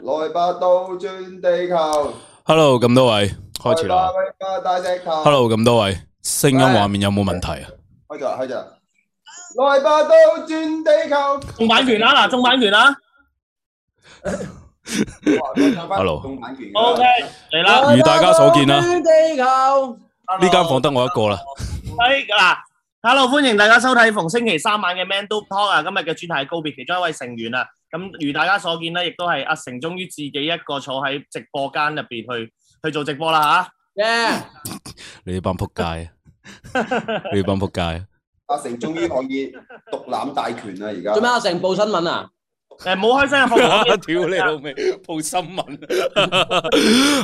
來吧，倒轉地球。Hello，咁多位開始啦。Hello，咁多位，聲音畫面有冇問題啊？開咗，開咗。來吧，倒轉地球。仲版權啊啦，仲版權啊。Hello，OK，嚟啦。如大家所見啦，呢間房得我一個啦。係嗱，Hello，歡迎大家收睇逢星期三晚嘅 Man Talk 啊，今日嘅主題係告別其中一位成員啊。咁如大家所見咧，亦都係阿成終於自己一個坐喺直播間入邊去去做直播啦嚇。啊、y、yeah! 你呢班仆街，你呢班仆街。阿成終於可以獨攬大權啦，而家。做咩？阿成報新聞啊？誒，冇開聲，吓，屌你老味，報新聞。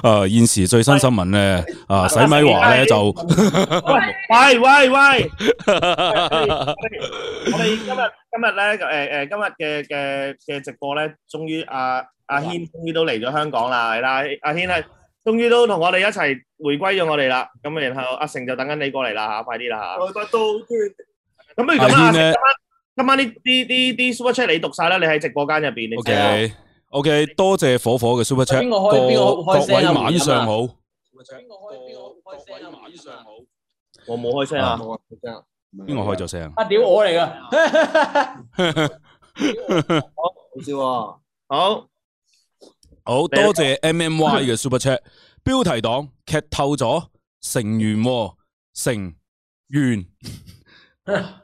誒，現時最新新聞咧，啊，洗米華咧就，喂喂喂喂，我哋今日今日咧，誒誒，今日嘅嘅嘅直播咧，終於阿阿軒終於都嚟咗香港啦，係啦，阿軒係，終於都同我哋一齊回歸咗我哋啦，咁然後阿成就等緊你過嚟啦，吓，快啲啦，吓。我把刀斷。咁你點啊？今晚呢啲啲啲 super chat 你讀晒啦，你喺直播間入邊，O K，O K，多謝火火嘅 super chat。邊個開邊個開聲啊？各,各位晚上好。邊個開邊個開聲啊？各位晚上好。我冇開聲啊。冇開聲。邊個開咗聲啊？啊，屌、啊啊、我嚟噶。 好，好笑。好，好多謝 M M Y 嘅 super chat。 標題黨劇透咗成員、喔，成員。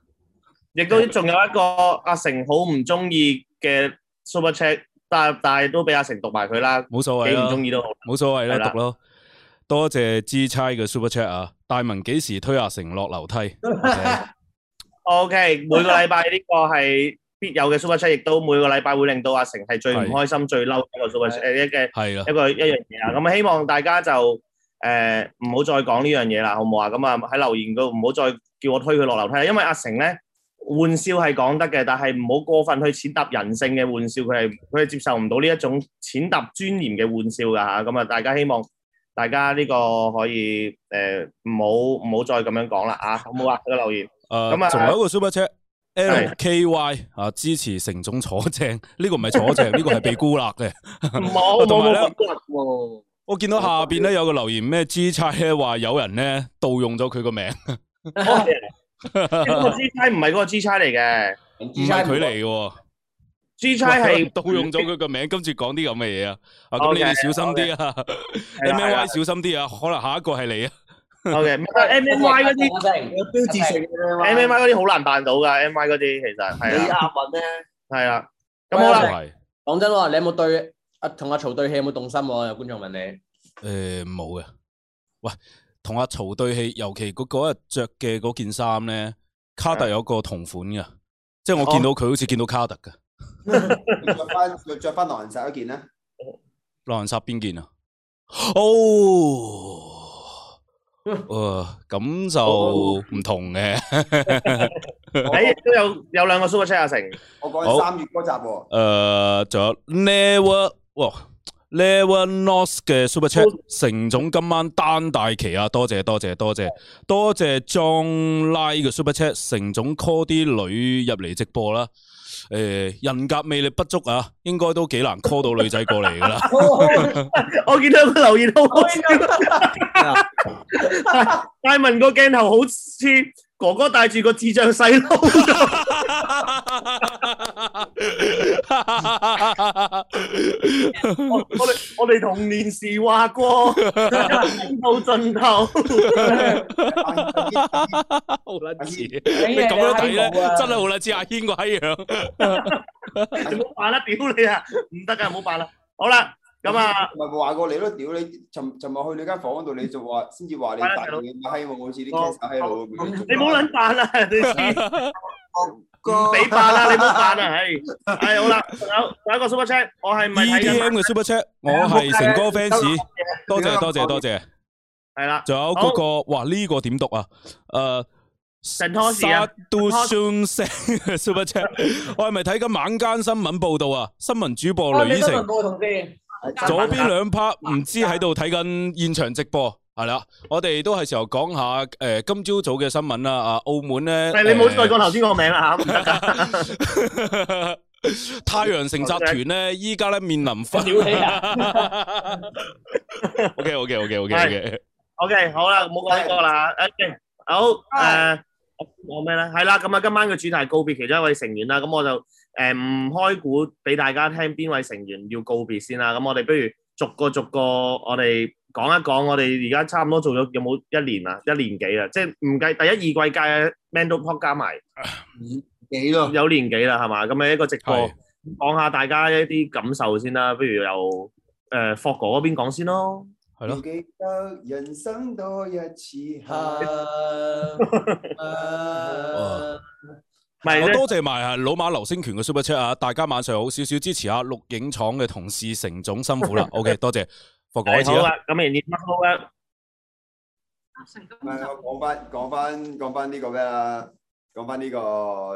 亦都仲有一個阿成好唔中意嘅 Super Chat，但係但係都俾阿成讀埋佢啦，冇所謂咯，冇所謂啦讀咯。多謝支差嘅 Super Chat 啊，大文幾時推阿成落樓梯？OK，每個禮拜呢個係必有嘅 Super Chat，亦都每個禮拜會令到阿成係最唔開心、最嬲一個 Super Chat，誒，一嘅係啦，一個一樣嘢啊。咁啊，希望大家就誒唔好再講呢樣嘢啦，好唔好啊？咁啊喺留言度唔好再叫我推佢落樓梯啦，因為阿成咧。玩笑係講得嘅，但係唔好過分去踐踏人性嘅玩笑，佢係佢係接受唔到呢一種踐踏尊嚴嘅玩笑㗎嚇。咁啊，大家希望大家呢個可以誒唔、呃、好唔好再咁樣講啦好有冇啊？有、這、冇、個、留言？誒、呃，咁啊，仲有一個 Super Chat L K Y 啊，LKY, 支持成總坐正呢個唔係坐正，呢個係 被孤立嘅 有呢。冇 我見到下邊咧 有個留言咩？支撐咧話有人咧盜用咗佢個名。 謝謝。呢 個支差唔係嗰個支差嚟嘅，唔係佢嚟嘅，支差係盜用咗佢個名，今次講啲咁嘅嘢啊！啊，咁你小心啲啊！M M Y 小心啲啊， 可能下一個係你啊！O K，M M Y 嗰啲有標誌性，M M Y 嗰啲好難辦到噶，M M Y 嗰啲其實係啊。李亞文咧係啊，咁好啦。講 是的 真話，你有冇對啊同阿曹對戲有冇動心？有觀眾問你，誒冇嘅。喂。同阿曹對戲，尤其嗰日着嘅嗰件衫咧，卡特有個同款嘅，即係我見到佢好似見到卡特嘅。着翻，着翻狼人殺嗰件咧。狼人殺邊件啊？哦，誒， 咁就唔同嘅。誒、 哦， 都有有兩個 Super Chat 啊成，我講三月嗰集喎、哦。誒、呃，仲有 Never 啊！Levanos 嘅 super Chat，成總今晚單大旗啊！多謝多謝多謝、嗯、多謝 John Lai 嘅 super Chat，成總 call 啲女入嚟直播啦、啊。誒、呃，人格魅力不足啊，應該都幾難 call 到女仔過嚟噶啦。 我見到個留言都好笑，戴 文個鏡頭好似。哥哥帶住個智障細佬， 我我哋童年時話過，到盡盡頭 ，啊、 好卵似你咁樣睇咧，真係好卵似，阿軒個一樣，唔好扮啦，屌你啊，唔得㗎，唔好扮啦，好啦。咁、嗯、啊！咪係話過你咯，屌你！尋尋日去你房間房度、嗯，你就話先至話你大老遠嘅佬，好似啲 case 佬你唔好撚扮啦！你唔俾扮啦！ 你唔、 哎、好扮啦！係係好啦，有有一個 Super Chat，我係咪睇緊 EDM 嘅 super Chat？我係成哥 fans，多謝多謝多謝。係啦，仲有嗰個，哇呢、呢個點讀啊？誒，成拖屎啊！都雙聲 Super Chat，我係咪睇緊晚間新聞報道啊？新聞主播雷宇成。左邊兩 part 唔知喺度睇緊現場直播，係啦，我哋都係時候講下誒今朝早嘅新聞啦。啊，澳門咧，你冇再講頭先個名啦吓。啊、 太陽城集團咧，依家咧面臨分、啊。O K O K O K O K O K O K 好啦，唔好講呢個 OK，好誒，講咩咧？係、okay, 啦，咁、嗯、啊，今晚嘅主題告別其中一位成員啦，咁我就。誒，唔、嗯、開估，俾大家聽，邊位成員要告別先啦、啊。咁我哋不如逐個逐個，我哋講一講，我哋而家差唔多做咗有冇一年啦，一年幾啦？即係唔計第一二季介 Mandopop 加埋，幾咯了？有年幾啦，係嘛？咁樣一個直播，講是下大家一啲感受先啦、啊。不如由誒、呃、霍哥嗰邊講先咯，係咯？是我多謝埋啊老馬劉星權嘅 super chat 啊！大家晚上好，少少支持下錄影廠嘅同事成總辛苦啦。 OK，多謝，放 講、啊、開始、嗯。好啦、啊，咁你你翻，好啦、啊。唔係，我講翻講翻講翻呢個咩啊？講翻呢個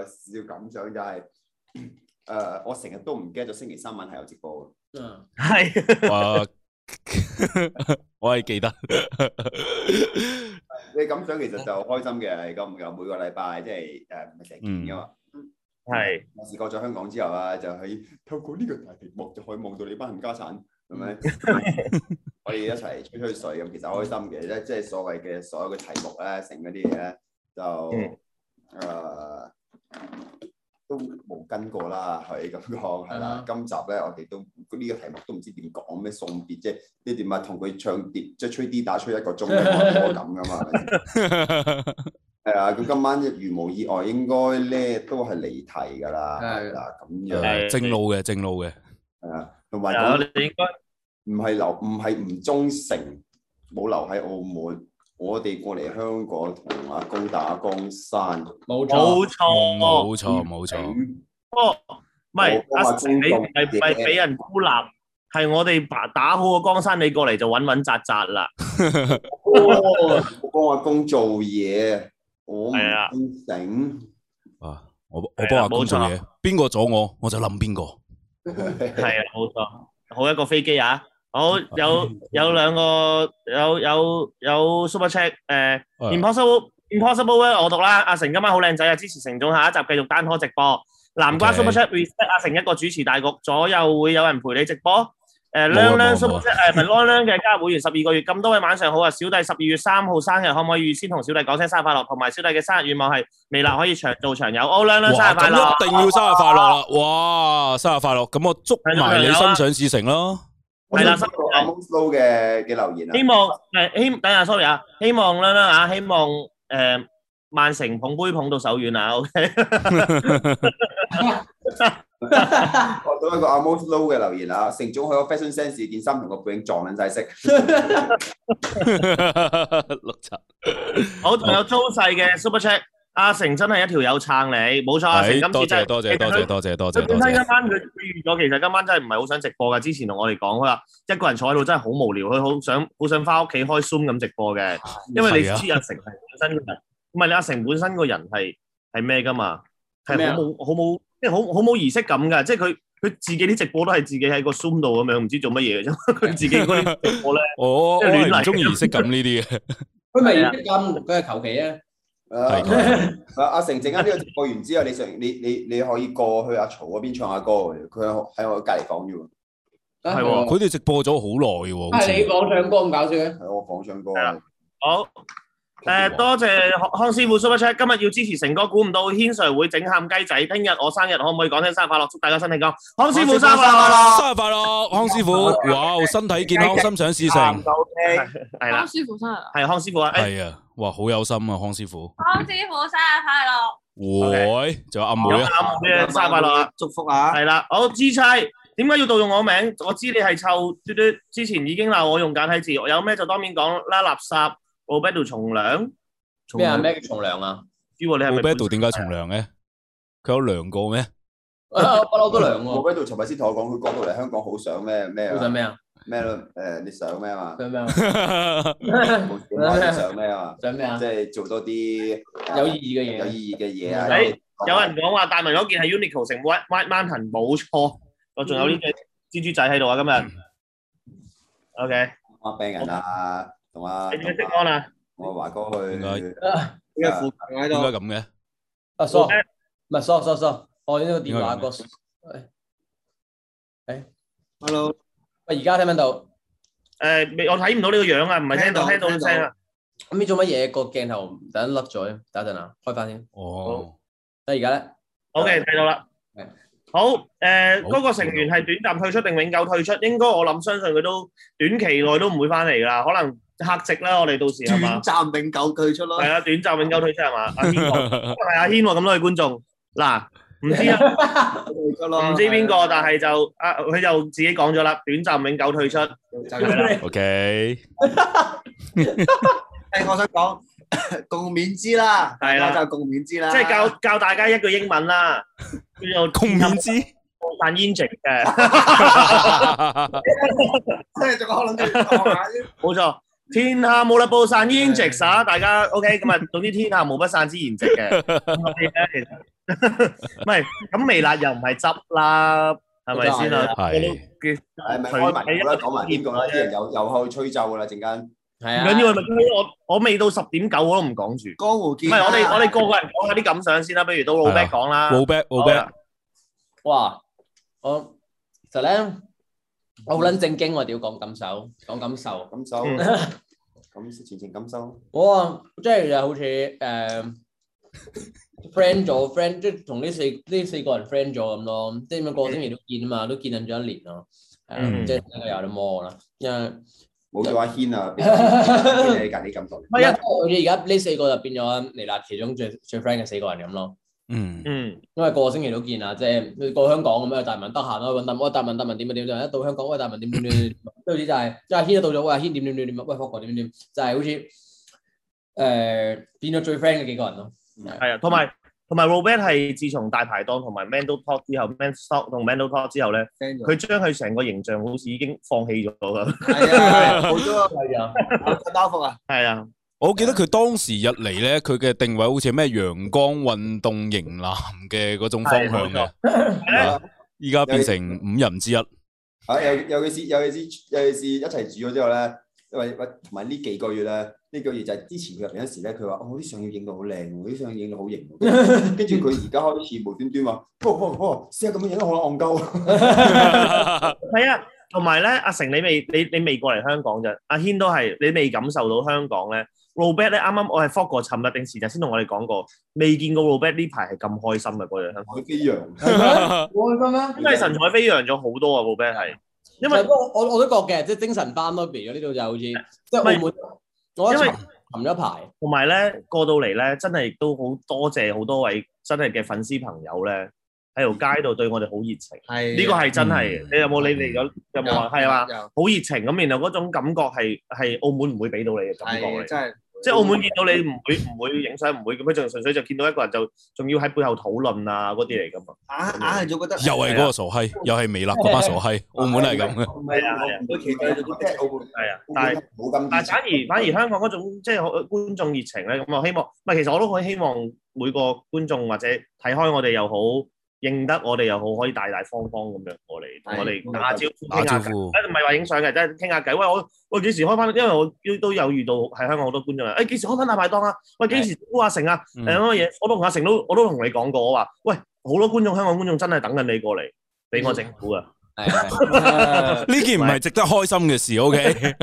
少感想就係、是、誒、呃，我成日都唔記得咗星期三晚係有直播嘅。係、嗯。 我我是係記得。 你咁想其實就開心嘅，咁有，有每個禮拜即係誒唔係成件噶嘛。係、就是。我、啊、試、嗯、過咗香港之後啊，就可以透過呢個大屏幕，就可以望到你班冚家產，係、嗯、咪？ 可以一齊吹吹水咁，其實開心嘅咧，即、就、係、是、所謂嘅所有嘅題目咧，成嗰啲嘢就誒。嗯呃都冇跟過啦，係咁講係啦。今集咧，我哋都呢個題目都唔知點講咩送別，即係你點啊同佢唱碟，即係吹啲打出一個鐘咁噶嘛。係啊，佢今晚如無意外，應該咧都係離題噶啦。係啊，咁樣正路嘅正路嘅。係啊，同埋咁。唔係留，唔係唔忠誠，冇留喺澳門。我哋過嚟香港同阿公打江山，冇錯，冇錯，冇錯，冇錯。哦，唔係阿你係係俾人孤立，係我哋打打好個江山，你過嚟就穩穩紮紮啦。我幫阿公做嘢， 我唔醒。啊，我我幫阿公做嘢，邊 個阻我，我就諗邊個。係 啊，冇錯，好一個飛機啊！好有有兩個有有有 Super Chat 誒、呃哎、Impossible Impossible 咧我讀啦，阿成今晚好靚仔啊，支持成總下一集繼續單拖直播。南瓜 Super Chat respect 阿成一個主持大局，左右會有人陪你直播。誒 Long Long Super Chat 誒，咪 Long Long 嘅加入會員十二個月，咁多位晚上好啊，小弟十二月三號生日，可唔可以預先同小弟講聲生日快樂，同埋小弟嘅生日願望係未來可以長做長有。嗯、哦 Long Long 生日快樂、啊，一定要生日快樂啦、啊啊！哇，生日快樂，咁我祝埋你心想事成咯～係啦，收到阿 Mostlow 嘅嘅留言啊！希望誒，希等下，sorry 啊，希望啦啦吓，希望誒，曼城捧杯捧到手軟啊！OK，得到一個阿 Mostlow 嘅留言啊，城總喺個 fashion sense 件衫同個背影撞緊晒色，六集。好，仲有周世嘅 Supercheck。阿成真係一條友撐你，冇錯。阿成今次真係多謝多謝多謝多謝多謝。多謝多謝多謝多謝身一身佢佢預咗，其實今晚真係唔係好想直播噶。之前同我哋講，佢話一個人坐喺度真係好無聊，佢好想好想翻屋企開 Zoom 咁直播嘅。因為你知阿成係本身個人，唔係、啊、你阿成本身個人係係咩噶嘛？係好冇好冇即係好好冇儀式感噶。即係佢佢自己啲直播都係自己喺個 Zoom 度咁樣，唔知做乜嘢，因為佢自己嗰啲 我即係唔中意儀式感呢啲。佢咪儀式感？佢係求其啊。係，阿、 啊啊啊啊、成，陣間呢個直播完之後，你成你你你可以過去阿曹嗰邊唱下歌，佢喺喺我隔離房啫喎。佢哋、啊、直播咗好耐喎。啊、是你講唱歌咁搞笑嘅？係、啊、我講唱歌、啊、好。誒、呃，多謝康，康師傅 super 今日要支持成哥，估唔到軒 sir 會整喊雞仔，聽日我生日，可唔可以講聲生日快樂？祝大家身體健康。康師傅生日快樂，生日快樂，康師傅，哇，身體健康，心想事成。係、啊 okay. 康師傅生日係康師傅啊，係、欸、啊，哇，好有心啊，康師傅。康師傅生日快樂，喂，仲有阿妹啊，阿妹生日快樂，祝福下。係啦，好、哦、知差！點解要盜用我名？我知你係臭嘟嘟，之前已經鬧我用簡體字，我有咩就當面講啦，垃圾。從從從從哦、我俾、哦哦、到良？兩，咩啊？咩叫重良啊？如果你係咪？我俾到點解重良咧？佢有兩個咩？不嬲都兩個。我喺度尋日先同我講，佢講到嚟香港好想咩咩好想咩啊？咩誒，你想咩啊？想咩啊？冇錯，你想咩啊？想咩啊？即係做多啲有意義嘅嘢。有意義嘅嘢啊！有人講話大文嗰件係 Uniqlo 成 White Mountain 冇錯。我仲、嗯、有呢隻蜘蛛仔喺度、嗯 okay、啊！今日，OK。我病人啊。Okay. 同阿，你仲未識我啦？我華哥去，啊，佢嘅附近喺度，應該咁嘅。啊，sorry，唔係，sorry，sorry，sorry，我呢個電話個，誒，hello，啊，而家聽唔聽到？誒，未，我睇唔到你個樣啊，唔係聽到，聽到聲啊。咁你做乜嘢？個鏡頭突然間甩咗啊！等一陣啊，開翻先。哦，啊，而家咧？OK，睇到啦。係，好，誒，嗰個成員係短暫退出定永久退出？應該我諗，相信佢都短期內都唔會翻嚟㗎啦，可能。客席啦，我哋到時候短暫永久退出啦。係啊，短暫永久退出係嘛？阿軒，係阿軒咁多位觀眾嗱，唔知啊，唔知邊個，但係就啊，佢就自己講咗啦。短暫永久退出，就咁啦。O K，誒，我想講共勉之啦，係啦， 共就共勉之啦。即係教教大家一句英文啦，叫做共勉之，但 e n 嘅，即係仲講諗住冇錯。天下無啦布散煙跡撒，大家 OK 咁啊，總之天下無不散之筵席嘅。係啊，其實唔係咁微辣又唔係執啦，係咪先啊？係，係咪開埋好啦？講埋呢個啦，啲人又又去吹奏㗎啦，陣間。係啊。唔緊要，我我未到十點九我都唔講住。江湖見。唔係我哋我哋個個人講下啲感想先啦，不如到老伯講啦。老伯，老伯。哇！我，陳生。好撚正經喎，屌講感受，講感受，感受，咁前情感受。我啊，即係就、好似誒、uh, friend 咗，friend 即係同呢四呢四個人 friend 咗咁咯，即係個個星期都見啊嘛，都見咗一年咯，係即係有啲摸啦，因為冇咗阿軒啊， 你近啲感受？係啊，而家呢四個就變咗嚟啦，其中最最 friend 嘅四個人咁咯。嗯嗯，因為個個星期都見啦，即、就、係、是、過香港咁樣，大文得閒咯，搵大文，喂，大文大文點啊點啊，一、 就是、到香港喂大文點點點，都好似就係，即係阿軒一到咗喂阿軒點點點點，喂，福哥點點點，就係、是、好似誒、呃、變咗最 friend 嘅幾個人咯，係啊，同埋同埋 Robert 係自從大排檔同埋 Mandel talk 之後 Mandel talk 同 Mandel talk 之後咧，佢將佢成個形象好似已經放棄咗咁，係 啊，冇包袱啊，係啊。我記得佢當時入嚟咧，佢嘅定位好似係咩陽光運動型男嘅嗰種方向㗎，依家變成五人之一。啊，尤尤其是尤其是尤其是一齊住咗之後咧，因為同埋呢幾個月咧，呢個月就係之前佢入嚟嗰時咧，佢話我啲相要影到好靚，我啲相影到好型，跟住佢而家開始無端端話，唔唔唔，依家咁樣影得好戇鳩。係啊，同埋咧，阿成你未你你未過嚟香港啫，阿軒都係你未感受到香港咧。Robert 咧，啱啱我係 follow 過尋日定時就先同我哋講過，未見過 Robert 呢排係咁開心嘅嗰日。神采飛揚，開心啊！真係神采飛揚咗好多啊！Robert 係，因為我我都覺嘅，即係精神翻多啲。咁呢度就好似即係澳門，我因為沉咗排，同埋咧過到嚟咧，真係都好多謝好多位真係嘅粉絲朋友咧，喺條街度對我哋好熱情。係呢個係真係，你有冇你哋有有冇啊？係嘛，好熱情咁，然後嗰種感覺係係澳門唔會俾到你嘅感覺嘅。即係澳門見到你唔會唔會影相，唔會咁樣，就純粹就見到一個人就仲要喺背後討論啊嗰啲嚟㗎嘛。又覺得又係嗰個傻閪、嗯，又係美立嗰班傻閪、嗯，澳門都係咁嘅。唔啊，係啊，佢啊，但係冇咁。但係反而反而香港嗰種即係、就是、觀眾熱情咧，咁我希望，其實我都好希望每個觀眾或者睇開我哋又好。認得我哋又好，可以大大方方咁樣過嚟，同我哋打招呼，傾下偈，唔係話影相嘅，即係傾下偈。喂，我喂幾時開返？因為我都有遇到喺香港好多觀眾啊。誒、欸，幾時開返大排檔啊？喂，幾時阿成啊？誒，乜、嗯、嘢？我都同阿成都，我都同你講過，我話：喂，好多觀眾，香港觀眾真係等緊你過嚟俾我整蠱啊！呢、 uh, 件唔係值得開心嘅事，OK？誒，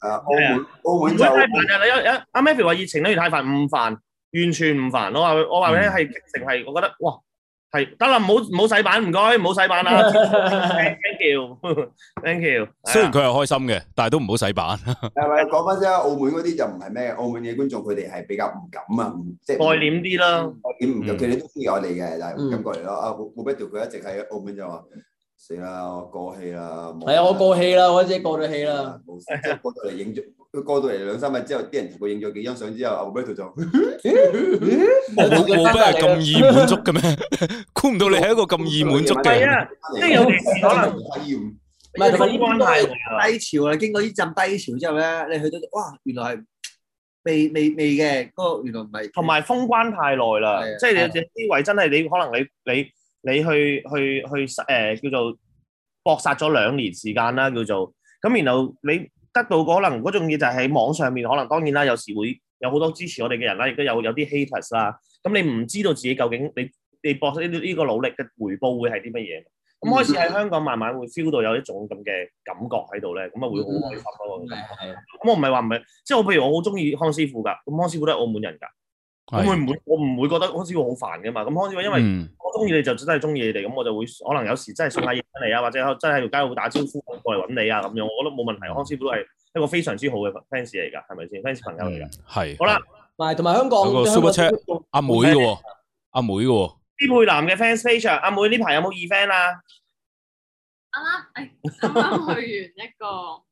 澳門澳門又太煩啊！你一阿 Marry 話熱情呢，太煩，唔煩，完全唔煩。我話我話咧係，嗯、直情係，我覺得哇～係得啦，唔好唔好洗版，唔該，唔好洗版啦。Thank you，Thank you。雖然佢係開心嘅，但係都唔好洗版。係咪講翻先啊？澳門嗰啲就唔係咩，澳門嘅觀眾佢哋係比較唔敢啊，即係。愛念啲啦。愛念，尤其佢哋都中意我哋嘅，就咁過嚟咯。啊，冇必要，佢一直喺澳門就話，死啦，我過氣啦。係啊，我過氣啦，我即係過咗氣啦。冇事，即係過到嚟影住。佢過到嚟兩三日之後，啲人全部影咗幾張相之後，阿 Michael 就我冇冇乜係咁易滿足嘅咩？估唔到你係一個咁易滿足嘅，即係有時可能唔需要。唔係封關太低潮啦，經過呢陣低潮之後咧，你去到哇，原來係未未未嘅嗰個原來唔係。同埋封關太耐啦，即係你嘅思維真係你可能你你你去去去誒叫做搏殺咗兩年時間啦，叫做咁，然後你。得到可能嗰種嘢就係喺網上面，可能當然啦，有時會有好多支持我哋嘅人啦，亦都有有啲 hater 啦。咁你唔知道自己究竟你你搏呢呢個努力嘅回報會係啲乜嘢？咁開始喺香港慢慢會 feel 到有一種咁嘅感覺喺度咧，咁啊會好開心咯。咁、嗯那個嗯嗯、我唔係話唔係，即係我譬如我好中意康師傅㗎，咁康師傅都係澳門人㗎。咁我唔會，我唔會覺得康師傅好煩嘅嘛。咁康師傅因為我中意你就真係中意你哋，咁、嗯、我就會可能有時真係送下嘢嚟啊，或者真係喺條街會打招呼過嚟揾你啊咁樣，我覺得冇問題。康師傅都係一個非常之好嘅 fans 嚟噶，係咪先 fans 朋友嚟嘅？係、嗯。好啦，同埋香港個 super 阿妹嘅喎，阿妹嘅喎。啲配男嘅 fans page，阿妹呢排有冇二 fan 啦？阿媽，啱啱去完一個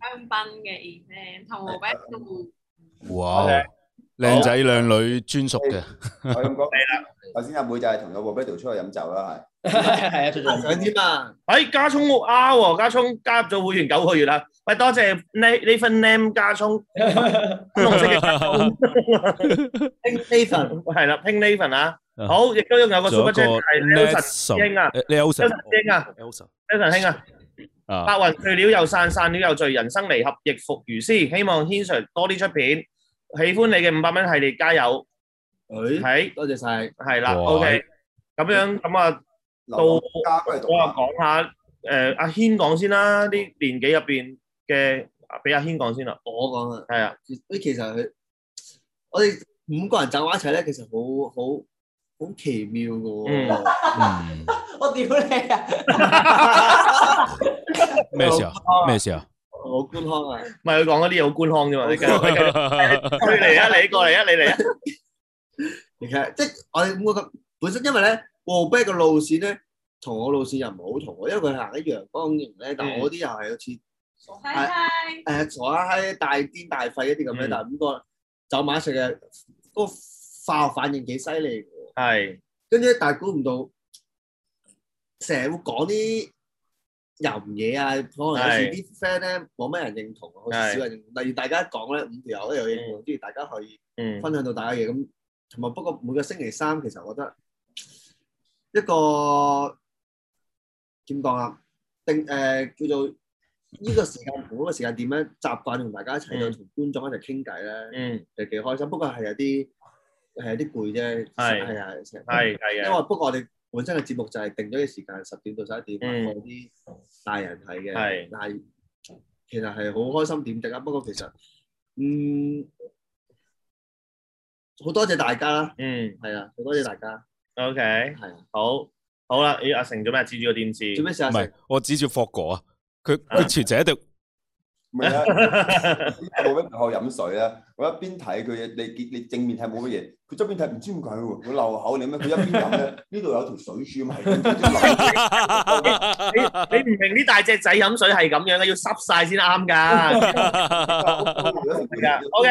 香檳嘅 event, 嗯，香港嘅二 fan 同我 best 哇！Okay. 靚仔靚女專屬嘅，係咁講你啦。頭先阿妹就係同個 whipperdo 出去飲酒啦，係係啊，最理想添啊。喂，加聰好啱喎，加聰加入咗會員九個月啦。喂，多謝 Leavenam 加聰，紅色嘅加聰。King Leaven 係啦，King Leaven 啊，好，亦都有個 Superstar 係 Lionson 兄啊，Lionson 兄啊，Lionson 兄啊。白雲去了又散，散了又聚，人生離合亦復如斯。希望 Hansel 多啲出片。喜歡你嘅五百蚊系列，加油！係、哎、多謝晒，係啦，OK。咁樣咁啊，到我講下，誒，阿軒講先啦，啲年紀入邊嘅，俾阿軒講先啦。我講啊。係啊，其實佢，我哋五個人走埋一齊咧，其實好好好奇妙㗎。嗯、 我屌你啊！咩 事啊？咩事啊？好官腔啊！唔係佢講嗰啲嘢好官腔啫嘛！ 你嚟啊！你過嚟啊！ 你嚟來啊！其 實來、啊、 即係我個個本身因為咧好 B 嘅路線咧，同我路線又唔好同喎，因為佢行喺陽光型咧、嗯，但係我啲又係好似傻閪閪誒，傻閪閪大癲大肺一啲咁樣、嗯，但係咁個走馬石嘅個化學反應幾犀利嘅喎，係、跟住但係估唔到成日會講啲。任嘢啊，可能有時啲 friend 咧冇咩人認同，好少人認同。例如大家講咧，五條友都有認同，跟、嗯、住大家可以分享到大家嘢。咁同埋不過每個星期三其實我覺得一個點講啊，定誒、呃、叫做呢個時間同呢、呢個時間點咧，習慣同大家一齊去同、嗯、觀眾一齊傾偈咧，就、嗯、幾開心。不過係有啲係有啲攰啫，係係啊，係、嗯、因為不過我哋。本身嘅節目就係定咗嘅時間十點到十一點，放啲大人睇嘅，但係其實係好開心點滴啦。不過其實，嗯，好多謝大家啦。嗯，係啊，好多謝大家。OK，係啊，好，好啦。咦，阿成做咩？指住個電視。做咩事呀？唔係，我指住霍哥啊。佢佢全姐定。唔 係啊！我一邊靠飲水啊。我一邊睇佢。你你正面睇冇乜嘢，佢側邊睇唔知點解喎。佢漏口你咩？佢一邊飲咧、啊，呢 度有條水柱咪、啊。 你你唔明啲大隻仔飲水係咁樣嘅，要濕晒先啱㗎。係㗎。OK，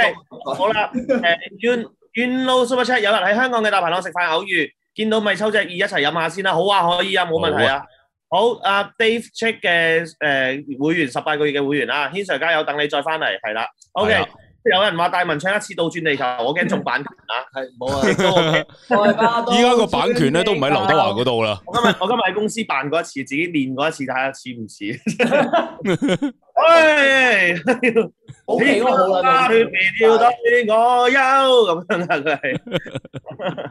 好啦吧。誒、 uh,，遠遠 you 路 know, super chat 有人喺香港嘅大排檔食飯偶遇，見到咪抽隻二一齊飲下先啦、啊。好啊，可以啊，冇問題啊。好，阿 Dave Check 嘅誒會員十八個月嘅會員啦，軒 Sir 加油，等你再翻嚟，係啦。OK，有人話戴文昌一次倒轉地球，我驚中版權、 okay、啊，係冇啊。依家個版權咧都唔喺劉德華嗰度啦。我今日我今日喺公司辦過一次，自己練過一次，睇下似唔似？哎，好耐都未跳到我憂，咁樣啊，佢係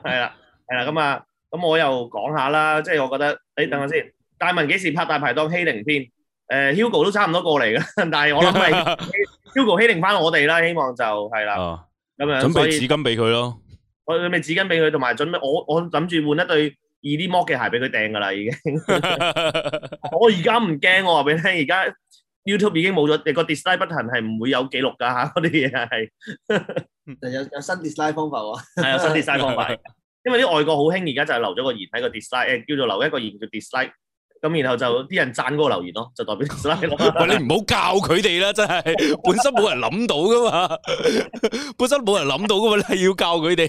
係啦，係啦，咁啊，咁 我又講下啦，即 係我覺得，誒、 哎，等下先。大文幾時拍大排檔欺凌片？誒，Hugo 都差唔多過嚟噶，但係我諗係 Hugo 欺凌翻我哋啦。希望就係啦，咁樣準備紙巾俾佢咯。我準備紙巾俾佢，同埋準備我我諗住換一對二 D 摩嘅鞋俾佢掟噶啦，已經。我而家唔驚，我話俾你聽，而家 YouTube 已經冇咗個 dislike button，係唔會有記錄噶嚇。嗰啲嘢係有有新 dislike 方法喎，係有新 dislike 方法。因為啲外國好興而家就係留咗個言喺個 dislike 誒，叫做留一個言叫 dislike。咁然後就啲人讚我個留言咯，就代表 like 咯。喂，你唔好教佢哋啦，真係，本身冇人諗到噶嘛，本身冇人諗到噶嘛，你係要教佢哋。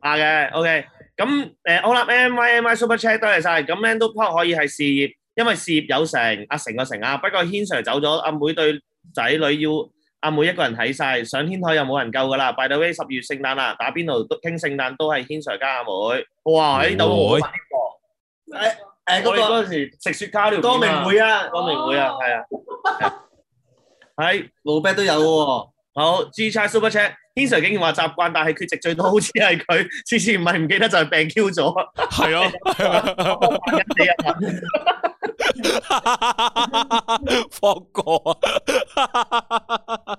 係嘅，OK。咁誒，好啦，M Y M Y Super Chat，多謝晒。咁呢都可可以係事業，因為事業有成，阿成個成啊。不過軒 Sir 走咗，阿妹對仔女要阿妹一個人睇晒，上天台又冇人救噶啦。By the way，十二月聖誕啦，打邊爐都傾聖誕，都係軒 Sir 加阿妹。哇，喺度會。誒、欸，嗰、那個那時食雪糕、啊，光明會啊，光明會啊，係、哦、啊，喺 無都有喎、啊。好，G 叉 Super chat，軒 Sir 竟然話習慣，但係缺席最多好像是他，好似係佢，次次唔係唔記得就係、是、病 Q 咗。係咯、啊，一死一發， 啊啊、 放過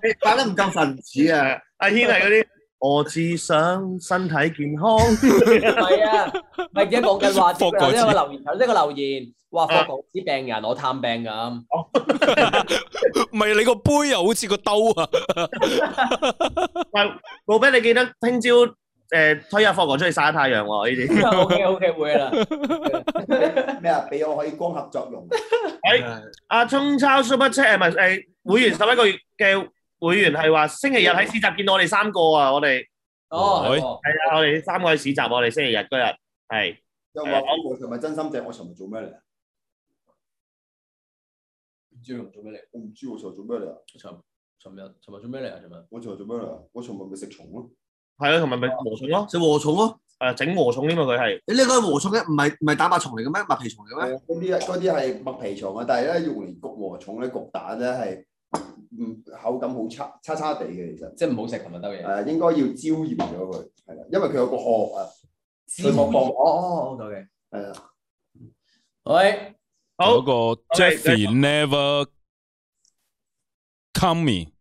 你啊！打得唔夠神似啊，阿軒係嗰啲。我只想身體健康，唔係啊，係而家講緊話題啊，一個留言，一個留言，話霍格斯病人我探病咁，唔係你個杯又好似個兜啊，唔係，阿斌你記得聽朝誒推阿霍格斯出去曬下太陽喎？呢啲，OK OK，會啦，咩啊？俾我可以光合作用，係阿春抄 Super Chat 係咪？誒，會員十一個月嘅。會員係話星期日喺市集見到我哋三個啊！我哋哦，係啊，啊，、嗯、啊，我哋三個喺市集，我哋星期日嗰日係又話我尋日真心正，我尋日做咩嚟啊？唔知做咩嚟？我唔知喎，尋日做咩嚟啊？尋尋日尋日做咩嚟啊？尋日我尋日做咩嚟啊？我尋日咪食蟲咯，係啊，同埋咪禾蟲咯，食禾蟲咯，係整禾蟲添啊，佢係你呢個禾蟲咧，唔係唔係打百蟲嚟嘅咩？麥皮蟲嚟嘅咩？嗰啲啲係麥皮蟲啊，啊啊啊啊啊啊你但係咧用嚟焗禾蟲咧，焗蛋咧係。嗯，口感好差，差差地嘅，其實即係唔好食，係咪得嘅？誒，應該要椒鹽咗佢，係啦，因為佢有個殼啊，碎木殼。哦，哦 okay. okay, 好嘅，誒、okay, okay.，喂，嗰個 Jeffy Never Coming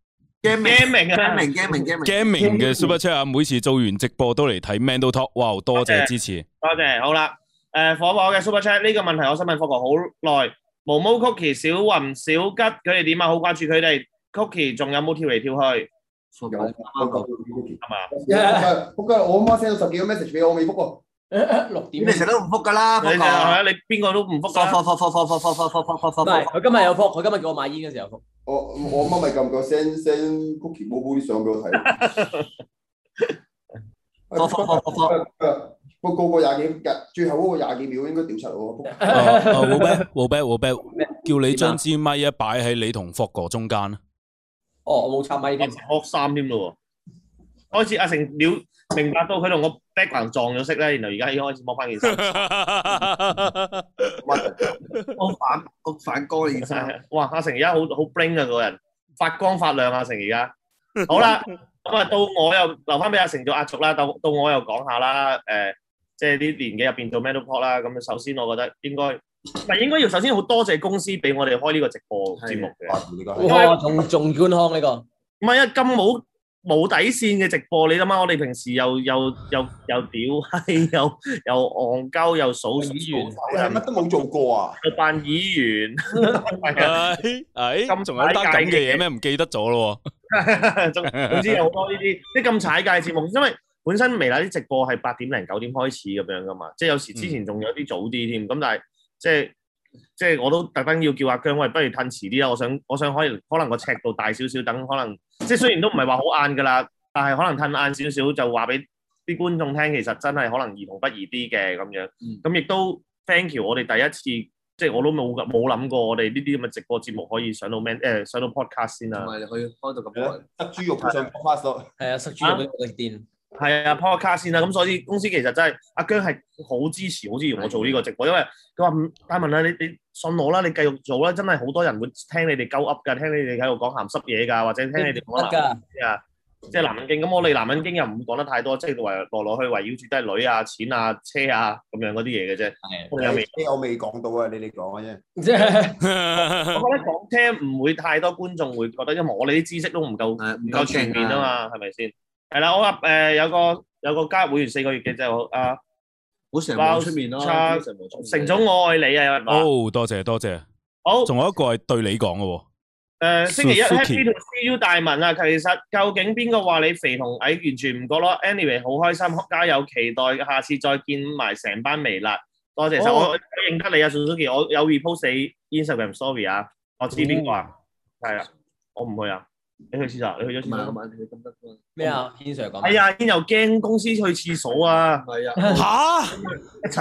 Gaming Gaming 嘅 Super Chat，每次做完直播都嚟睇，Man to Talk，哇，多謝 okay, 支持，多、okay, 謝。好啦，誒，火火嘅 Super Chat，呢個問題我想問火火好耐，毛毛 Cookie、小雲、小吉佢哋點啊？好關注佢哋。Cookie 仲有冇跳嚟跳去？冇嘅，我阿媽 send 咗十幾個 message 俾我，我未覆過。六點，你成日都唔覆噶啦？你你係啊？你邊個都唔覆噶？放放放放放放放放放放放放。唔係，佢今日有覆，佢今日叫我買煙嘅時候覆。我我阿媽咪撳個聲聲 Cookie，冇冇啲相，俾我睇。放放放放放。個個廿幾秒，最後嗰個廿幾秒應該掉出咯。Who bet？Who bet？Who bet？叫你將支咪一擺喺你同霍哥中間。哦，我冇插咪已經摸衫添咯喎，開始阿成了明白到佢同我 background 撞咗色咧，然後而家已經開始摸翻件衫，我 反我反光件衫， 哇！阿成而家好好 bling 啊，個人發光發亮，阿成而家好啦，咁 啊到我又留翻俾阿成做壓軸啦，到到我又講下啦，誒、啊，即係啲年紀入邊做 metal pop 啦，咁首先我覺得應該。唔係應該要首先好多謝公司俾我哋開呢個直播節目嘅。哇，仲仲觀康呢個？唔係啊，咁冇冇底線嘅直播，你諗下，我哋平時又又又又屌閪，又又戇鳩，又數議員，乜都冇做過啊，又扮議員係咁仲有單咁嘅嘢咩？唔記得咗咯？總之有好多呢啲啲咁踩界嘅節目，因為本身微辣啲直播係八點零九點開始咁樣噶嘛，即係有時之前仲有啲早啲添，咁但係。即係即係，我都特登要叫阿姜，我哋不如褪遲啲啦。我想我想可以，可能個尺度大少少，等可能即係雖然都唔係話好晏噶啦，但係可能褪晏少少就話俾啲觀眾聽，其實真係可能兒童不宜啲嘅咁樣。咁、嗯、亦都 Thank you，我哋第一次即係我都冇冇諗過，我哋呢啲咁嘅直播節目可以上到 man 誒、呃、上到 podcast 先你可啊。唔係你可以開到咁耐，塞豬肉嘅 podcast 係啊，塞豬肉嘅電。啊。係啊，拋個卡先啦。咁所以公司其實真係阿姜係好支持，好支持我做呢個直播，因為佢話唔戴文啊，你你信我啦，你繼續做啦，真係好多人會聽你哋鳩噏噶，聽你哋喺度講鹹濕嘢噶，或者聽你哋講啊，即係男人經咁，就是、南京我哋男人經又唔會講得太多，即係圍落落去圍繞住都係女啊、錢啊、車啊咁樣嗰啲嘢嘅啫。我未我未講到啊，你哋講啊啫。 我覺得講車唔會太多觀眾會覺得，因為我哋啲知識都唔夠，唔夠全面啊嘛，係咪先？係啦，我話誒有個有個加入會員四個月嘅就好阿、啊啊、包出面咯，成成總我愛你啊！有人哦，多謝多謝，好、哦，仲有一個係對你講嘅，誒、呃、星期一 happy 同 CU 大文啊，其實究竟邊個話你肥同矮完全唔覺咯？Anyway 好開心，加油期待下次再見埋成班微辣，多謝晒、哦、我認得你啊，宋蘇琪，我有 report 死 Instagram，sorry 啊，我知邊個啊，係、哦、啊，我唔去啊。你去廁所？你去咗廁所？唔係，我晚你咁得嘅咩啊？軒 Sir 講係啊，軒又驚公司去廁所啊，係啊吓，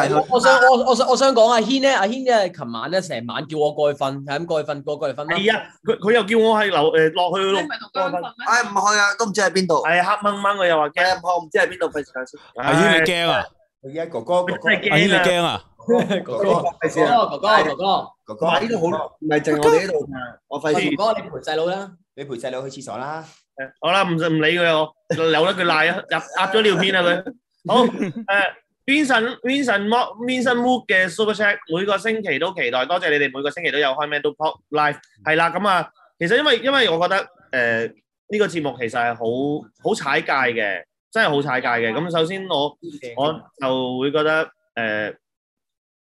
一齊去。我想我我想我想講啊，軒咧，阿軒咧，琴晚咧成晚叫我過去瞓，係咁過去瞓，過過嚟瞓。係啊，佢佢又叫我係樓誒落去咯，係咪同佢瞓咧？啊唔去啊，都唔知喺邊度。係黑掹掹，我又話驚，我唔知喺邊度，費事。阿軒你驚啊？阿軒哥哥，阿軒你驚啊？哥哥，費事啊，哥哥，哥哥，哥哥，阿軒都好，唔係淨我哋喺度，我費事。哥哥，你陪細佬啦。你陪仔女去廁所啦。好啦，唔使唔理佢，扭得佢賴啊，入壓咗尿片啊佢。好，誒、 uh, Vincent, Vincent Mo, Vincent Wood 嘅 Super Chat，每個星期都期待，多謝你哋每個星期都有開咩都 Pop Live。係、嗯、啦，咁啊，其實因為因為我覺得誒呢、呃這個節目其實係好好踩界嘅，真係好踩界嘅。咁首先我我就會覺得誒、呃，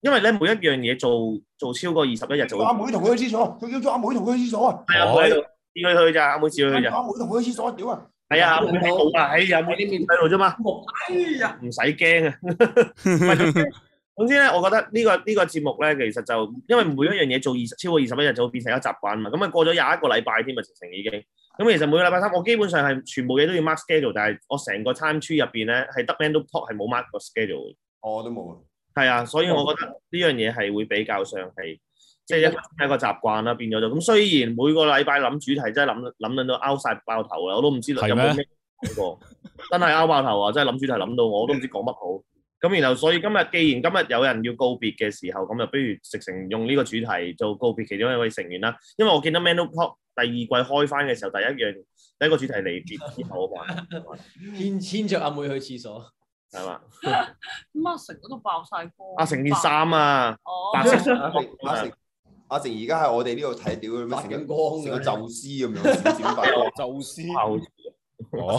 因為咧每一樣嘢做做超過二十一日就會。阿妹同佢去廁所，佢叫做阿妹同佢去廁所係啊，叫佢去咋，阿妹叫佢去咋，阿妹同我去廁所，屌啊！係啊，阿妹喺度啊，哎呀，冇啲面喺度啫嘛，哎呀，唔使驚啊。 總之咧，我覺得呢、這個呢、這個節目咧，其實就因為每一樣嘢做二十超過二十一日，就會變成一個習慣啊嘛。咁啊過咗廿一個禮拜添啊，直情已經。咁其實每個禮拜三，我基本上係全部嘢都要 mark schedule，但係我成個 time tree 入邊咧，係得 end to top 係冇 mark 個 schedule 我都冇啊。係啊，所以我覺得呢樣嘢係會比較上係。即係一個一個習慣啦，變咗就咁。雖然每個禮拜諗主題，真係諗諗諗到拗晒爆頭啦，我都唔知道有冇咩講過， 真係拗爆頭啊！真係諗主題諗到我，我都唔知講乜好。咁然後所以今日既然今日有人要告別嘅時候，咁就不如直成用呢個主題做告別，其中一位成員啦。因為我見到 Man Up Pop 第二季開翻嘅時候，第一樣第一個主題係離別之後啊嘛，牽牽著阿妹去廁所係嘛？阿成嗰度爆晒歌，阿成件衫啊，白色 阿成而家喺我哋呢度睇屌咩？發光似個宙斯咁樣閃閃發光，宙斯 回 頭哦，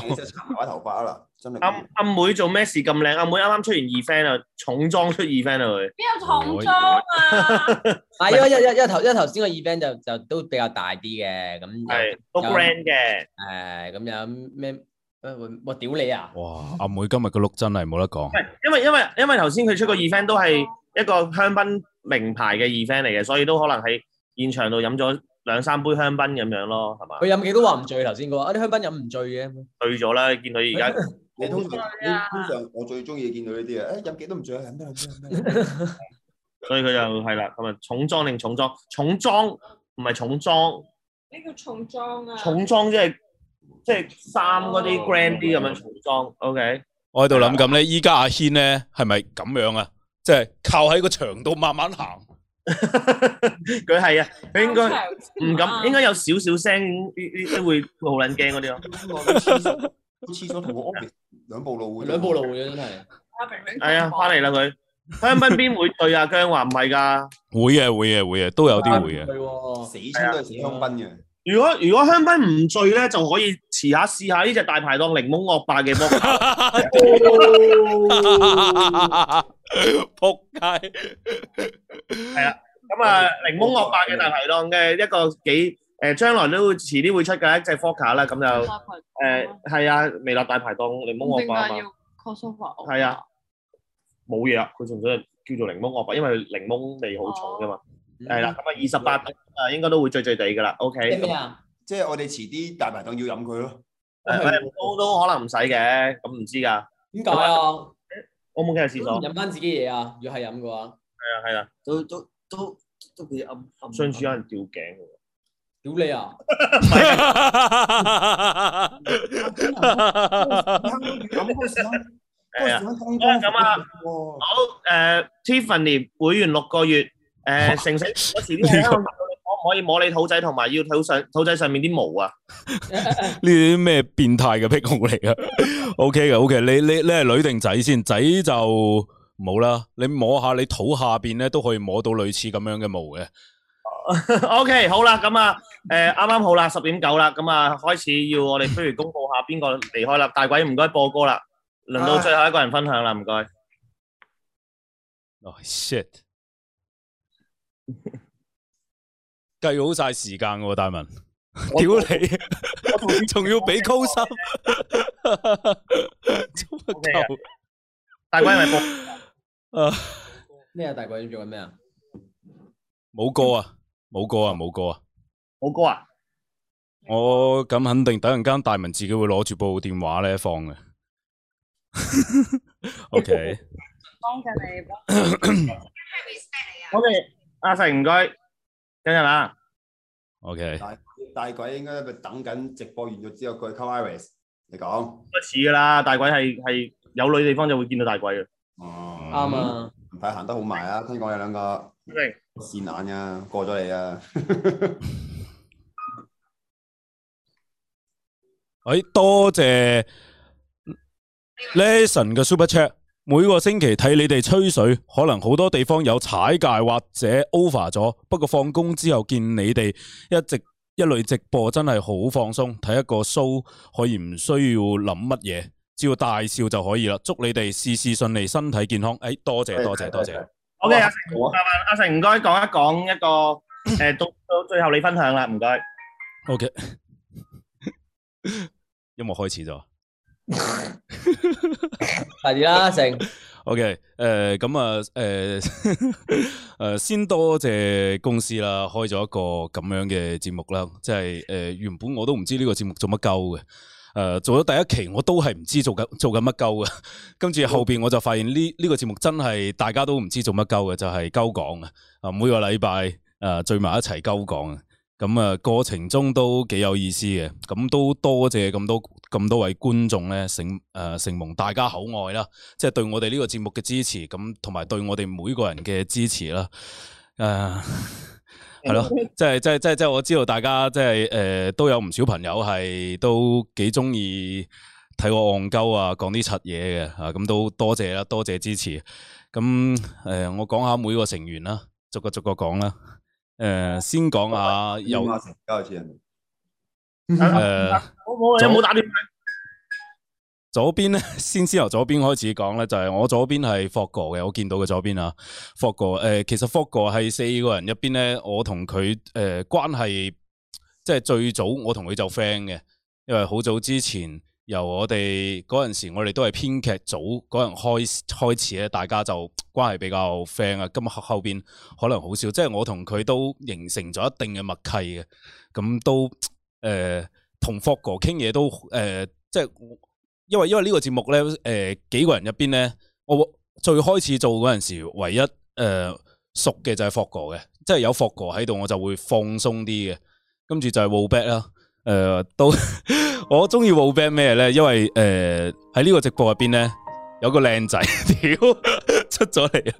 頭髮啊啦，真係。阿、啊、阿妹做咩事咁靚？阿妹啱啱出完 event 啊，重裝出 event 啊佢。邊有重裝啊？係啊，一一一頭一頭先個 event 就就都比較大啲嘅，咁係都 grand 嘅。係咁有咩？我屌你啊！哇！阿妹今日個 look 真係冇得講。因為因為因為頭先佢出個 event 都係一個香檳。名牌嘅 event 嚟嘅，所以都可能喺現場度飲咗兩三杯香檳咁樣咯，係嘛？佢飲幾都話唔醉，頭先佢話：，啲、啊、香檳飲唔醉嘅。醉咗啦！見佢而家。 你通常你 通常我最中意見到呢啲啊，誒飲幾都唔醉，飲咩？得得 所以佢就係啦，咁啊重裝定重裝？重裝唔係重裝。呢叫重裝啊？重裝即係即係三嗰啲 grand 啲咁樣重裝。OK 我。我喺度諗緊咧，依家阿軒咧係咪咁樣啊？即係靠喺個牆度慢慢行，佢係啊，佢應該唔敢，應該有少少聲，呢呢都會冇撚驚嗰啲咯。去廁所同我屋企兩步路嘅，兩 步路嘅真係。係 啊，翻嚟啦，佢香檳邊會醉啊？姜話唔係噶，會嘅、啊、會嘅、啊、會啊，都有啲會 死對死親都係死香檳嘅。 如果如果香檳唔醉咧，就可以遲下試下呢隻大排檔檸檬惡霸嘅伏卡， 撲街、嗯。係啦，咁、嗯、啊，檸、嗯嗯嗯嗯、檬惡霸嘅大排檔嘅一個幾誒，將、呃、來都會遲啲會出嘅一隻伏卡啦。咁就誒，係啊，未立大排檔檸檬惡霸啊嘛。係、呃、啊，冇嘢啊，佢純粹係叫做檸檬惡霸，因為檸檬味好重噶嘛。啊係、嗯、啦，咁啊，二十八啊，應該都會醉醉地噶啦。OK，咁啊，即係、就是、我哋遲啲大排檔要飲佢咯。都可能唔使嘅，咁唔知噶。點解啊？我冇傾係廁所。飲翻自己嘢啊，若係飲嘅話。係啊係啊，都都都都幾暗暗。上次有人吊頸屌你啊！係 是啊。哦 咁啊，好誒、啊呃、，Tiffany 會員六個月。誒、呃，成成嗰時啲貓可唔可以摸你肚仔，同埋要肚上肚仔上面啲毛啊？呢啲咩變態嘅癖好嚟噶？OK 嘅，OK 你。你你你係女定仔先？仔就冇啦。你摸下你肚下邊咧，都可以摸到類似咁樣嘅毛嘅。OK，好啦，咁啊，誒、呃，啱啱好啦，十點九啦，咁啊，開始要我哋不如公布下邊個離開啦。大鬼唔該播歌啦，輪到最後一個人分享啦，唔該。Oh, shit！計 好晒時間喎、啊，大文，屌你，仲 要俾高薪，大鬼係咪播？咩、 okay、啊？大鬼做緊咩啊？冇歌啊！冇歌啊！冇歌啊！冇歌啊！ 我咁肯定，等陣間大文自己會攞住部電話咧放嘅。O K，幫緊你我哋。 阿誠，唔該，聽日啦，OK。大大鬼應該喺度等緊直播完咗之後，佢 Iris 你講。似噶啦，大鬼係係有女地方就會見到大鬼嘅。哦、嗯，啱啊。唔係行得好埋啊，聽講、okay、有兩個線眼啊，過咗嚟啊。 哎，多謝 Lasson 嘅 Super Chat。每個星期睇你哋吹水，可能好多地方有踩界或者 over 咗。不過放工之後見你哋一直一類直播，真係好放鬆。睇一個 show 可以唔需要諗乜嘢，只要大笑就可以啦。祝你哋事事順利，身體健康。哎，多謝多謝多謝。O K，阿成阿阿成，唔該講一講一個誒，到 到最後你分享啦，唔該。OK， 音樂開始咗。第二啦，成 OK 誒，咁啊誒誒，先多謝公司啦，開咗一個咁樣嘅節目啦，即係誒，uh, 原本我都唔知呢個節目做乜鳩嘅，誒、uh,，做咗第一期我都係唔知做緊做緊乜鳩嘅，跟 住後邊我就發現呢呢個節目真係大家都唔知做乜鳩嘅，就係鳩講啊，啊、uh,，每個禮拜誒聚埋一齊鳩講啊。咁啊，過程中都幾有意思嘅，咁都多謝咁多咁多位觀眾咧，承誒承蒙大家厚愛啦，即係對我哋呢個節目嘅支持，咁同埋對我哋每個人嘅支持啦，誒係咯，即係即係即係即係我知道大家即係誒都有唔少朋友係都幾中意睇我戇鳩啊，講啲柒嘢嘅吓，咁都多謝啦，多謝支持，咁誒我講下每個成員啦，逐個逐個講啦。誒、呃，先講下右誒，有冇打電話？左邊咧，先先由左邊開始講咧，就係、是、我左邊係霍哥嘅，我見到嘅左邊啊，霍哥誒、呃，其實霍哥喺四個人入邊咧，我同佢誒關係即係最早，我同佢就 friend 嘅，因為好早之前。由我哋嗰陣時我，我哋都係編劇組嗰陣開開始咧，大家就關係比較 friend 啊。咁後後邊可能好少，即、就、係、是、我同佢都形成咗一定嘅默契嘅。咁都誒同、呃、霍哥傾嘢都誒，即、呃、係、就是、因為因為個節呢個節目咧，誒、呃、幾個人入邊咧，我最開始做嗰陣時，唯一誒、呃、熟嘅就係霍哥嘅，即、就、係、是、有霍哥喺度，我就會放鬆啲嘅。跟住就係 W back 啦，誒、呃、都。 我中意 Wu Bang 咩咧？因為誒喺呢個直播入邊咧，有個靚仔，屌 出咗來嚟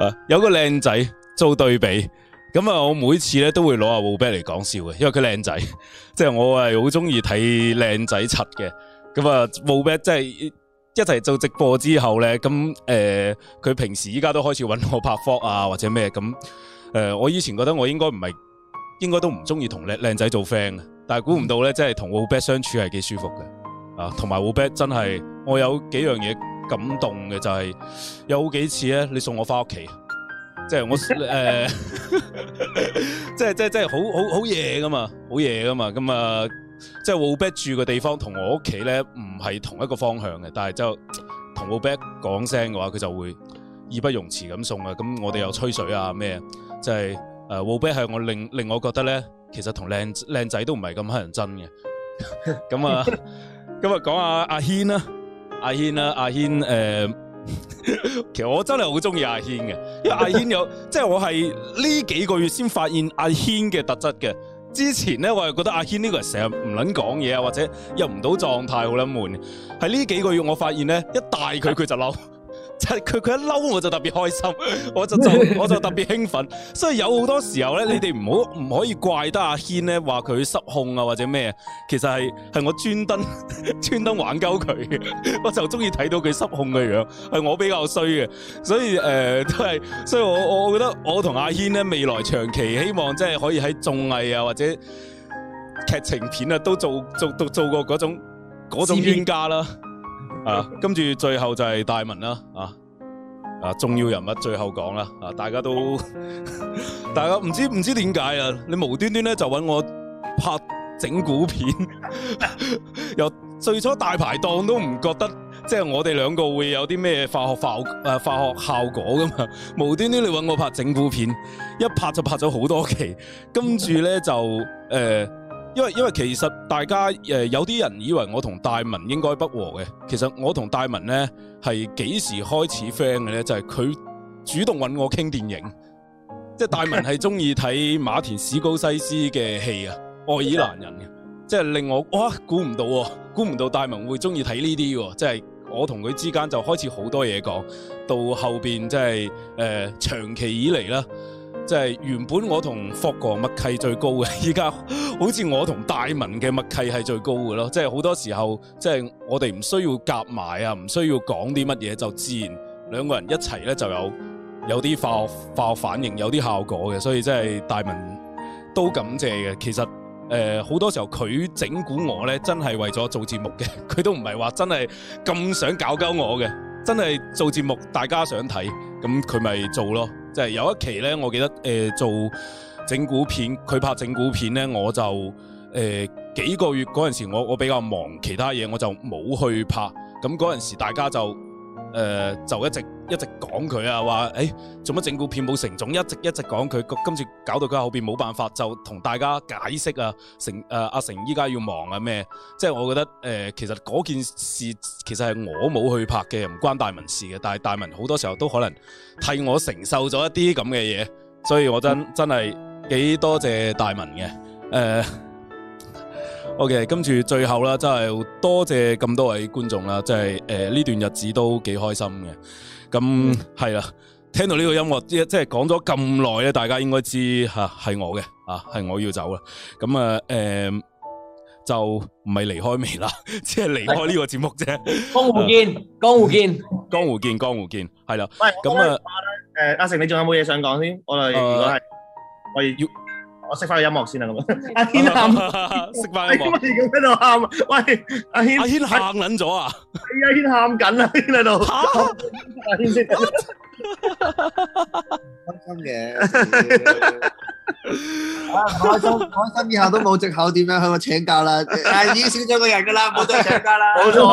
了，啊 有個靚仔做對比，咁啊我每次咧都會攞阿 Wu Bang 嚟講笑嘅，因為佢靚仔，即、就、係、是、我係好中意睇靚仔柒嘅，咁啊 Wu Bang 即係一齊做直播之後咧，咁誒佢平時依家都開始揾我拍 photo 啊或者咩咁，誒、呃、我以前覺得我應該唔係，應該都唔中意同靚靚仔做 friend 嘅。但係估唔到咧，即係同 Oldbet 相處係幾舒服嘅，啊，同埋 Oldbet 真係我有幾樣嘢感動嘅，就係有好幾次咧，你送我翻屋企，即係我誒，即係即係即係好好好夜噶嘛，好夜噶嘛，咁啊，即係 Oldbet 住嘅地方同我屋企咧唔係同一個方向嘅，但係就同 Oldbet 講聲嘅話，佢就會義不容辭咁送啊，咁我哋又吹水啊咩，即係誒 Oldbet 係我令令我覺得咧。其實同靚靚仔都唔係咁乞人憎嘅，咁啊， 咁、嗯、啊，講下阿軒啦，阿軒啊，阿軒，誒，其實我真係好中意阿軒嘅，因為阿軒有，即係我係呢幾個月先發現阿軒嘅特質嘅。之前咧，我係覺得阿軒呢個人成日唔撚講嘢啊，或者入唔到狀態，好撚悶。喺呢幾個月我發現咧，一帶佢佢就嬲。 佢佢一嬲我就特別開心，我就我就我就特別興奮，所以有好多時候咧，你哋唔好唔可以怪得阿軒咧，話佢失控啊或者咩，其實係係我專登專登玩鳩佢，嘅。我就中意睇到佢失控嘅樣，係我比較衰嘅，所以誒、呃、都係，所以我我覺得我同阿軒咧未來長期希望即係可以喺綜藝啊或者劇情片啊都做做都做過嗰種嗰種冤家啦，啊，跟住最後就係大文啦、啊，啊。啊！重要人物最後講啦！啊，大家都，大家唔知唔知點解啊？你無端端咧就揾我拍整蠱片，又最初大排檔都唔覺得，即係我哋兩個會有啲咩化學化學誒化學效果噶嘛？無端端你揾我拍整蠱片，一拍就拍咗好多期，跟住咧就誒。呃因為因為其實大家誒、呃、有啲人以為我同戴文應該不和嘅，其實我同戴文咧係幾時開始 friend 嘅咧，就係、是、佢主動揾我傾電影，即係大文係中意睇馬田史高西斯嘅戲啊， 愛爾蘭人嘅，即係令我哇估唔到喎，估唔到戴文會中意睇呢啲喎，即係我同佢之間就開始好多嘢講，到後邊即係誒長期以嚟啦。即係原本我同霍哥默契最高嘅，依家好似我同大文嘅默契係最高嘅咯。即係好多時候，即係我哋唔需要夾埋啊，唔需要講啲乜嘢，就自然兩個人一齊咧就有有啲化學化學反應，有啲效果嘅。所以真係大文都感謝嘅。其實誒好多時候佢整蠱我咧，真係為咗做節目嘅，佢都唔係話真係咁想搞搞我嘅，真係做節目大家想睇，咁佢咪做咯。就係有一期呢，我記得、呃、做整蠱片，佢拍整蠱片呢，我就呃幾個月嗰陣時，我我比較忙其他嘢，我就冇去拍，咁嗰陣時大家就。誒、呃，就一直一直講佢啊，話誒做乜整蠱片冇成，總一直一直講佢，今次搞到佢後邊冇辦法，就同大家解釋啊，成誒阿、呃、成依家要忙啊咩，即係我覺得誒、呃、其實嗰件事其實係我冇去拍嘅，唔關大文事嘅，但係大文好多時候都可能替我承受咗一啲咁嘅嘢，所以我真、嗯、真係幾多謝大文嘅誒。呃 OK，跟住最後啦，真係多謝咁多位觀眾啦，真係誒呢段日子都幾開心嘅。咁係啦，聽到呢個音樂，即即係講咗咁耐咧，大家應該知吓係我嘅，啊係我、啊、我要走啦。咁啊誒、呃、就唔係離開未啦，即係離開呢個節目啫。江湖見，江湖見，江 湖見，江湖見，係啦。喂，咁啊，誒、uh, 阿成，你仲有冇嘢想講先？我、呃、哋如果係，我要。我熄翻個音樂先啦，咁樣！阿軒喊，熄翻音樂，而家喺度喊。喂，阿軒，阿軒硬捻咗啊！阿軒喊緊啦，喺度喊。阿軒，你開心嘅？啊，開心，開心，以後都冇藉口，點樣去請教啦？但係已經少咗個人噶啦，冇得請教啦。冇錯。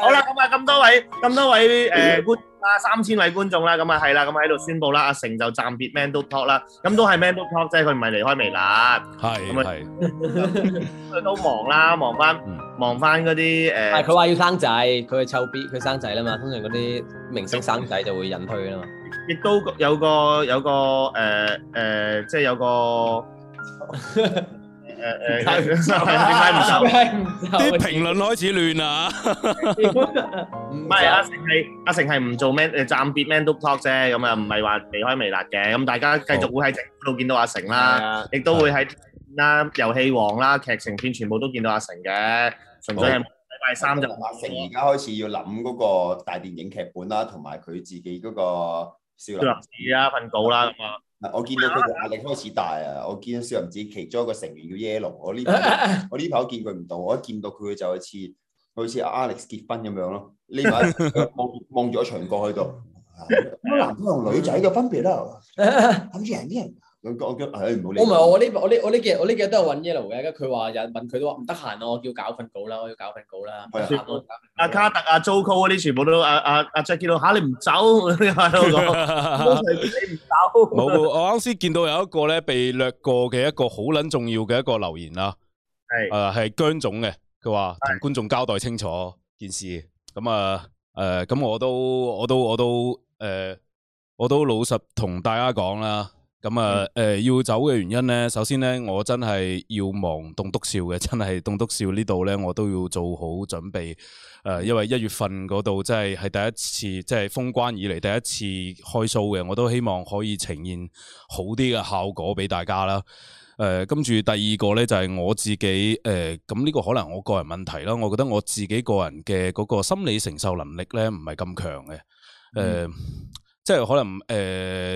好啦，咁啊，咁多位，咁多位誒。啊三千位觀眾啦，咁啊係啦，咁啊喺度宣佈啦，阿成就暫別 Man To Talk 啦，咁都係 Man To Talk 啫，佢唔係離開微辣，係咁啊，佢、嗯、都忙啦，忙翻、嗯，忙翻嗰啲誒，係佢話要生仔，佢係臭逼，佢生仔啦嘛，通常嗰啲明星生仔就會引退啊嘛，亦都有個有個誒誒，即係有個。有個呃呃 誒、呃、誒，點解唔收？啲評論開始亂啊。唔係阿成係阿成係唔做咩？誒，暫別 mando talk 啫，咁啊，唔係話離開微辣嘅，咁大家繼續會喺直播度見到阿成啦，亦、嗯、都會喺啦遊戲王啦、劇情片全部都見到阿成嘅。純粹係禮拜三就、嗯、阿成而家開始要諗嗰個大電影劇本啦，同埋佢自己嗰個專欄嘅啦，份稿啦咁啊。我見到佢嘅壓力開始大啊！我見到小王子其中一個成員叫耶龍我呢我呢排都見佢唔到。我一見到佢就似好似 Alex 結婚咁樣咯，呢排望望住個牆角喺度，咁男仔同女仔嘅分別啦，諗住啲人。我唔好我唔係，我呢我呢我呢幾日我呢幾日都有搵 Yellow 嘅，佢話人問佢都話唔得閒啊，我叫搞份稿啦，我要搞份稿啦。阿、啊啊啊、卡特阿 Zuko 啲全部都阿阿阿 Jackie 吓你唔走，啊、 你唔走。冇，我啱先見到有一個咧被掠過嘅一個好捻重要嘅一個留言啦，係，誒、呃、係姜總嘅，佢話同觀眾交代清楚件事，咁啊誒咁我都我都我都誒、呃、我都老實同大家講啦。咁啊，誒、嗯呃呃，要走嘅原因咧，首先咧，我真係要忙棟篤笑嘅，真係棟篤笑呢度咧，我都要做好準備。誒、呃，因為一月份嗰度真係係第一次，即係封關以嚟第一次開 show 嘅，我都希望可以呈現好啲嘅效果俾大家啦。誒、呃，跟住第二個咧就係、是、我自己，誒、呃，咁、這、呢個可能我個人問題啦，我覺得我自己個人嘅嗰個心理承受能力咧唔係咁強嘅，誒，呃嗯、即係可能誒、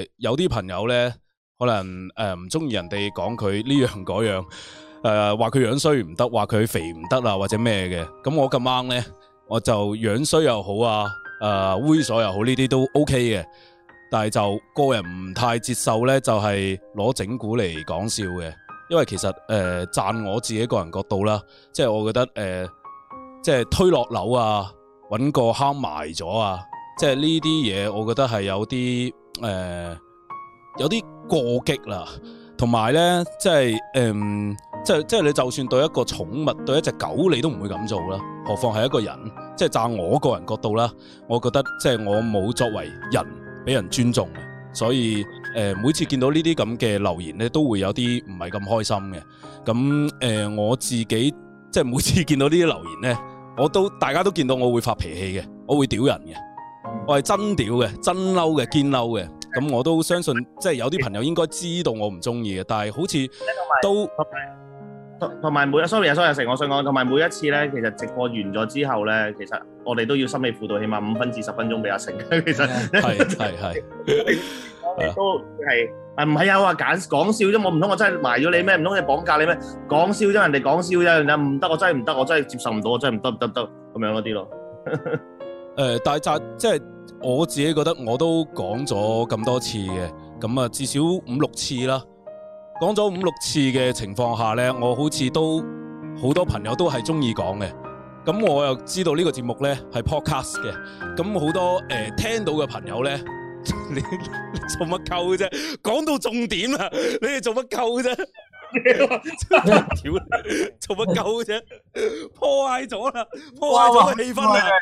呃，有啲朋友咧。可能誒唔中意人哋講佢呢樣嗰樣誒，話、呃、佢樣衰唔得，話佢肥唔得啊，或者咩嘅。咁我咁啱咧，我就樣衰又好啊，誒、呃、猥瑣又好，呢啲都 OK 嘅。但係就個人唔太接受咧，就係、是、攞整蠱嚟講笑嘅。因為其實誒讚、呃、我自己個人角度啦，即、就、係、是、我覺得誒，即、呃、係、就是、推落樓啊，搵個坑埋咗啊，即係呢啲嘢，我覺得係有啲誒。呃有啲過激啦，同埋呢，即係誒，即係即係你就算對一個寵物，對一隻狗，你都唔會咁做啦。何況係一個人，即係站我個人角度啦，我覺得即係，就是，我冇作為人俾人尊重，所以，呃，每次見到呢啲咁嘅留言呢，都會有啲唔係咁開心嘅。咁，呃，我自己即係每次見到呢啲留言呢，我都大家都見到我會發脾氣嘅，我會屌人嘅，我係真屌嘅，真嬲嘅，堅嬲嘅。咁、嗯、我都相信，即係有啲朋友應該知道我唔中意嘅， 但係好似都同埋每阿 sorry 阿阿成，我信我，同埋每一次咧，其實直播完咗之後咧，其實我哋都要心理輔導，起碼五分至十分鐘俾阿成。其實係係係，我 哋 都係啊是，唔係啊，我話講,講笑啫，我唔通我真係埋咗你咩？唔通你綁架你咩？講笑啫，人哋講笑啫，唔得，我真係唔得，我真係接受唔到，我真係唔得，唔得，唔得，咁樣嗰啲咯。誒、 呃，大澤即係。我自己覺得我都講咗咁多次嘅，咁啊至少五六次啦，講咗五六次嘅情況下咧，我好似都好多朋友都係鍾意講嘅。咁我又知道呢個節目咧係 podcast 嘅，咁好多誒、呃、聽到嘅朋友咧， 你做乜鳩啫？講到重點啊，你哋做乜鳩啫？ 做乜鳩啫？破壞咗啦，破壞咗個氣氛啦！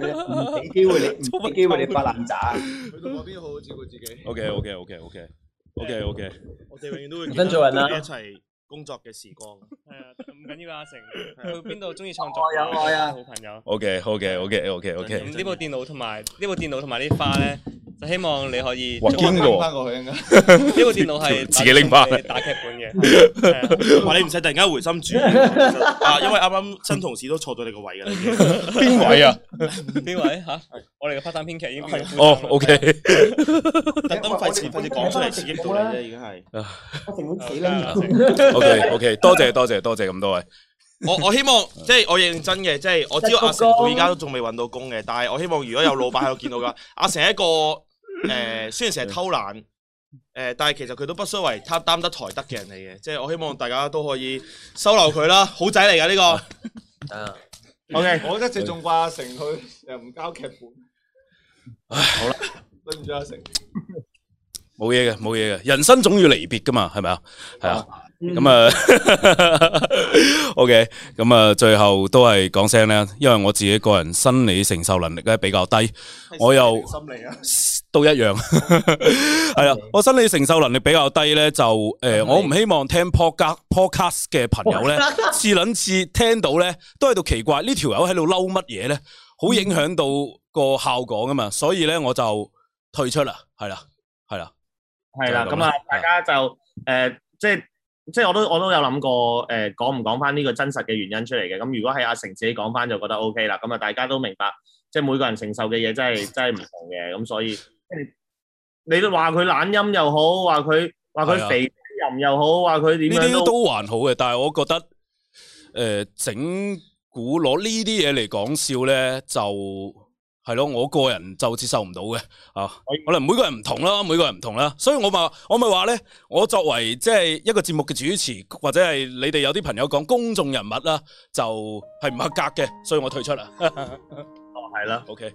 唔俾機會你，唔俾機會你發爛渣。佢喺嗰邊好好照顧自己。OK，OK，OK，OK，OK，OK。我哋永遠都會跟住人一齊。工作嘅時光，啊，係啊，唔緊要啊，阿成去邊度中意創作啊，我有我有好朋友。OK，OK，OK，OK，OK，OK, OK, OK, OK, OK。呢、嗯嗯，部電腦同埋呢部電腦同埋啲花咧，就希望你可以，我拎翻過去應該會會去。呢 部電腦係自己拎翻，打劇本嘅。話你唔使突然間回心轉，啊， 因為啱啱新同事都坐咗你個位㗎。邊 位啊？邊 位嚇，啊？我哋嘅 part time 編劇已經哦 OK，特登費事費事講出嚟自己攰啫。已經係。啦，啊，O K，多謝多謝多謝咁多位。我我希望即係我認真嘅，即係我知道阿成到而家都仲未揾到工嘅，但係我希望如果有老闆喺度見到嘅話 阿成係一個誒、呃、雖然成日偷懶誒， 但係其實佢都不虛為他擔得台得嘅人嚟嘅， 即係我希望大家都可以收留佢啦， 好仔嚟噶呢個。 o、okay, K，我覺得直仲掛阿成，佢又唔交劇本。 唉，好啦，對唔住阿成，冇嘢嘅，冇嘢嘅，人生總要離別噶嘛，係咪 啊？係啊。咁啊，OK，咁啊， 最後都係講聲咧，因為我自己個人心理承受能力咧比較低，我又心理啊，都一樣，係啊， 我心理承受能力比較低咧，就誒、欸，我唔希望聽 podcast Podcast 嘅朋友咧， 次捻次聽到咧，都喺度奇怪呢條友喺度嬲乜嘢咧，好影響到個效果㗎嘛，所以咧我就退出啦，係啦，係啦，係啦，咁、就、啊、是嗯，大家就誒，即、呃、係。就是即係我都我都有諗過，誒，講唔講翻呢個真實嘅原因出嚟嘅？咁如果係阿成自己講翻就覺得 OK 啦。咁啊，大家都明白，即係每個人承受嘅嘢真係真係唔同嘅。咁 所以你都話佢懶音又好，話佢話佢肥任又好，話佢點樣都呢啲都還好嘅。但係我覺得，誒、呃、整蠱攞呢啲嘢嚟講笑咧就。係咯，我個人就接受唔到嘅啊。可能每個人唔同啦，每個人唔同啦。所以我話，我咪話咧，我作為即係一個節目嘅主持，或者係你哋有啲朋友講公眾人物啦、啊，就係、是、唔合格嘅，所以我退出啦。哦、啊，係 啦 ，OK。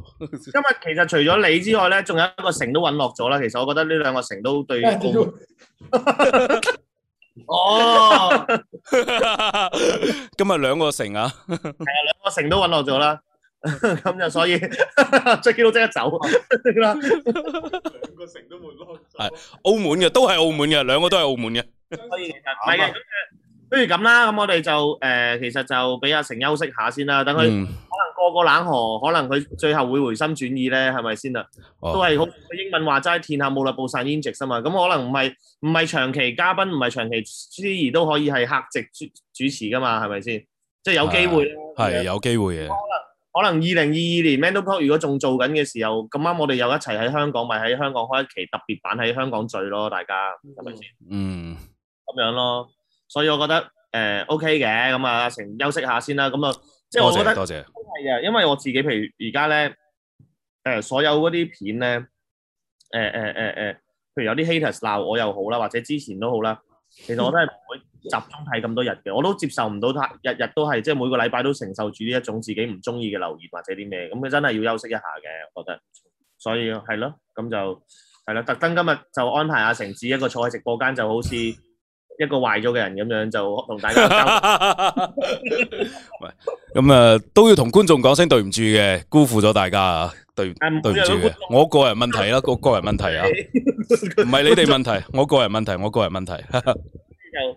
今日其實除咗你之外咧，仲有一個城都隕落咗啦。其實我覺得呢兩個城都對澳，哦，今日兩個城啊，係啊，兩個城都隕落咗啦。咁就所以 Jackie 都即刻走啦，兩個城都隕落，係澳門嘅，都係澳門嘅，兩個都係澳門嘅。所以其實唔係嘅，不如咁啦，咁我哋就誒，其實就俾阿成休息下先啦，等佢。過個冷河，可能佢最後會回心轉意咧，係咪先啊？Oh. 都係好，英文話齋天下無啦布散筵席。啊嘛。咁可能唔係唔係長期嘉賓，唔係長期司儀都可以係客席主主持噶嘛，係咪先？即係有機會啦。係有機會嘅。可能可能二零二二年 Mandelpark、mm -hmm. 如果仲做緊嘅時候，咁啱我哋又一齊喺香港，咪、就、喺、是、香港開一期特別版喺香港聚咯，大家係咪先？嗯，咁、mm -hmm. 樣咯。所以我覺得誒、呃、OK 嘅，咁啊，阿成休息下先啦，咁啊。即係我覺得，因為啊，因為我自己譬如而家咧，誒、呃、所有嗰啲片咧，誒誒誒誒，譬如有啲 haters 鬧我又好啦，或者之前都好啦，其實我都係唔會集中睇咁多日嘅，我都接受唔到太日日都係即係每個禮拜都承受住呢一種自己唔中意嘅留言或者啲咩，咁佢真係要休息一下嘅，我覺得，所以係咯，咁就係啦，特登今日就安排阿成子一個坐喺直播間就好似。一個壞咗嘅人咁樣就同大家講，咁啊都要同觀眾講聲對唔住嘅，辜負咗大家啊，對對唔住，我個人問題啦，個個人問題啊，唔係你哋問題，我個人問題，我個人問題。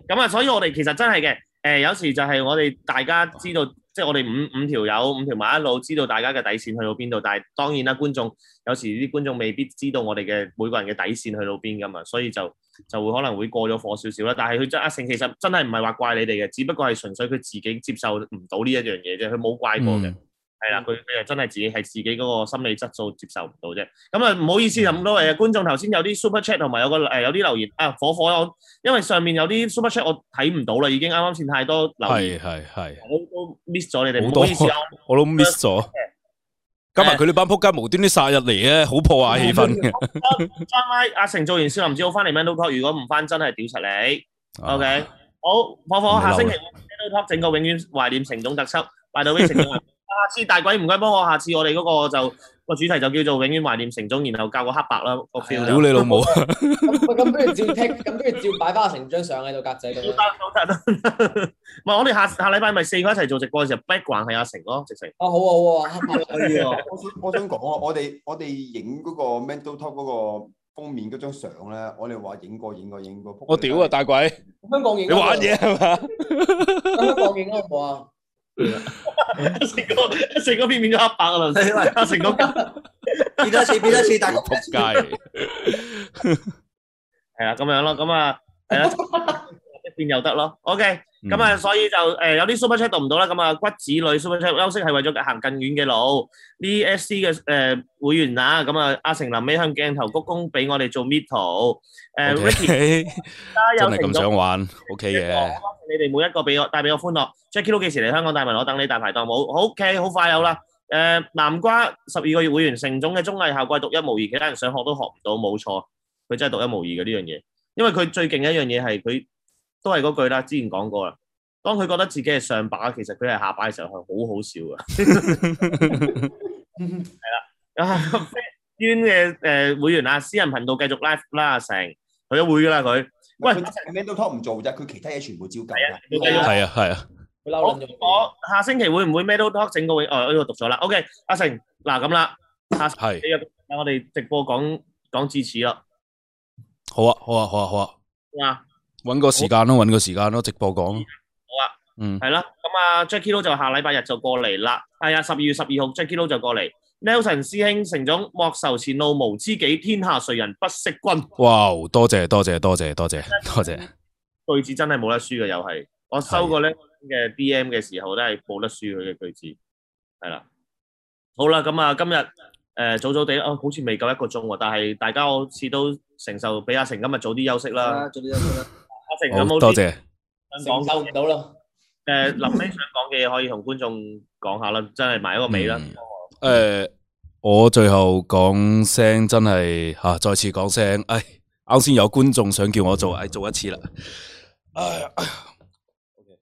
咁啊，所以我哋其實真係嘅，誒有時就係我哋大家知道。即係我哋五五,五條友五條馬一路知道大家嘅底線去到邊度，但係當然啦，觀眾有時啲觀眾未必知道我哋嘅每個人嘅底線去到邊㗎嘛，所以就就會可能會過咗火少少啦。但係佢真阿成其實真係唔係話怪你哋嘅，只不過係純粹佢自己接受唔到呢一樣嘢啫，佢冇怪過嘅。嗯係、嗯、啦，佢佢係真係自己係自己嗰個心理質素接受唔到啫。咁啊，唔好意思咁多位呀觀眾，頭先有啲 super chat 同埋有,有個誒有啲留言啊，火火啊，因為上面有啲 super chat 我睇唔到啦，已經啱啱先太多留言，係係係，我都 miss 咗你哋，多好多，我都 miss 咗。今日佢呢班仆街無端啲晒入嚟咧，好破壞氣氛嘅。張、哦、威，阿成做完少林寺好翻嚟咩？Lupo，如果唔翻真係屌實你。OK，、啊、好，啊啊、火火，下星期我 Lupo 整個永遠懷念成總特輯，拜到威下次大鬼唔該幫我，下次我哋嗰個就個主題就叫做永遠懷念城中，然後教個黑白啦個 feel。屌你老母！咁不如照聽，咁都要照擺翻成張相喺度格仔咁。得得唔係我哋下下禮拜咪四個一齊做直播嘅時候 background 係阿成咯，直情。哦，好啊，好啊。黑白可以啊 我，我想我想講啊，我哋我哋影嗰個《Man Talk》嗰個封面嗰張相咧，我哋話影過影過影過。我屌啊，大鬼！香港影。你玩嘢係嘛？香港影啊， 好啊。成個成個變變咗黑白啦，睇起嚟，成個變多次變多次，大仆街，係啊，咁樣咯，咁啊，係啦。變又得咯，OK，咁、嗯、啊、嗯，所以就誒、呃、有啲 Super Chat 度唔到啦，咁、嗯、啊骨子裏 Super Chat 休息係為咗行更遠嘅路，VSC 嘅誒會員啊，咁啊阿成林尾向鏡頭鞠躬俾我哋做 mid 圖，okay，啊，誒 Ricky，真係咁想玩，OK 嘅，你哋每一個俾我帶俾我歡樂，yeah，Jackie 都幾時嚟香港大民，我等你大排檔好，OK，好快有啦，誒、呃、南瓜十二個月會員，成種嘅綜藝效果獨一無二，其他人想學都學唔到，冇錯，佢真係獨一無二嘅呢樣嘢，因為佢最勁一樣嘢係佢。都係嗰句啦，之前講過啦。當佢覺得自己係上把，其實佢係下把嘅時候係好好笑噶。係啦，阿飛淵嘅誒會員啊，私人頻道繼續 live 啦，阿成佢都會噶啦佢。喂，成日咩都拖唔做啫，佢其他嘢全部照計啊，照計。係啊，係啊。我我下星期會唔會咩都拖整個會？哦，呢度讀咗啦。OK，阿成嗱咁啦，下次我哋直播講講至此啦。好啊，好啊，好啊，好啊。啊！揾個時間咯，揾個時間咯，直播講。好啊，嗯，係啦、啊，咁啊，Jacky Lau 就下禮拜日就過嚟啦。係啊，十二月十二號 Jacky Lau 就過嚟。Nelson 師兄、成總，莫愁前路無知己，天下誰人不識君。哇，多謝多謝多謝多謝、啊、多謝。句子真係冇得輸嘅，又係我收過呢嘅 DM 嘅時候、啊、都係冇得輸佢嘅句子。係啦、啊，好啦，咁啊，今日誒、呃、早早地啊、哦，好似未夠一個鐘喎，但係大家好似都承受，俾阿成今日早啲休息啦，啊、早啲休息啦。 阿成好多謝。想講就講到啦。誒，臨、呃、尾想講嘅嘢，可以同觀眾講下啦， 真係埋一個尾啦。誒、嗯呃，我最後講聲真係吓、啊，再次講聲。哎，啱先有觀眾想叫我做，哎，做一次啦。哎，OK，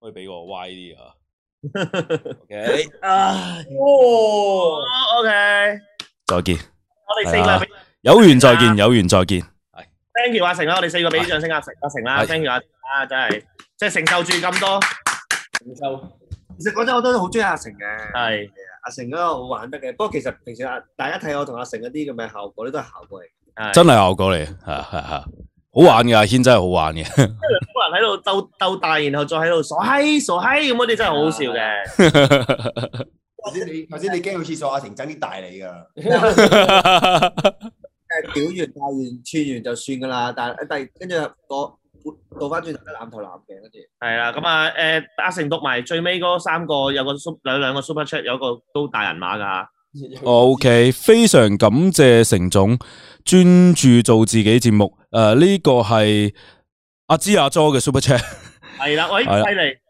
可以俾我歪啲 Okay, 啊。Oh, OK，啊，OK 再見。我哋四個有緣再見，啊、有緣再見。thank you 阿成啦，我哋四個畀掌聲阿成阿成啦，thank you 阿成啦，真係即係承受住咁多，承受。其實講真，我都好中意阿成嘅。係，阿成嗰個好玩得嘅。不過其實平時阿大家睇我同阿成嗰啲咁嘅效果，都係效果嚟。真係效果嚟，吓吓吓，好玩嘅，阿軒真係好玩嘅。即係兩個人喺度鬥鬥大，然後再喺度傻閪傻閪咁嗰啲，真係好好笑嘅。頭先你頭先你驚佢廁所，阿成真啲大你噶。誒，表完、帶完、串完就算噶啦，但係第跟住個倒翻轉頭都攬頭攬頸嗰啲。係啦，咁啊，誒，阿成讀埋最尾嗰三個，有個蘇兩兩個 super chat，有個都大人馬噶吓。OK，非常感謝成總專注做自己節目。誒，呢個係阿芝阿 Jo 嘅 super chat。係啦，喂，犀利。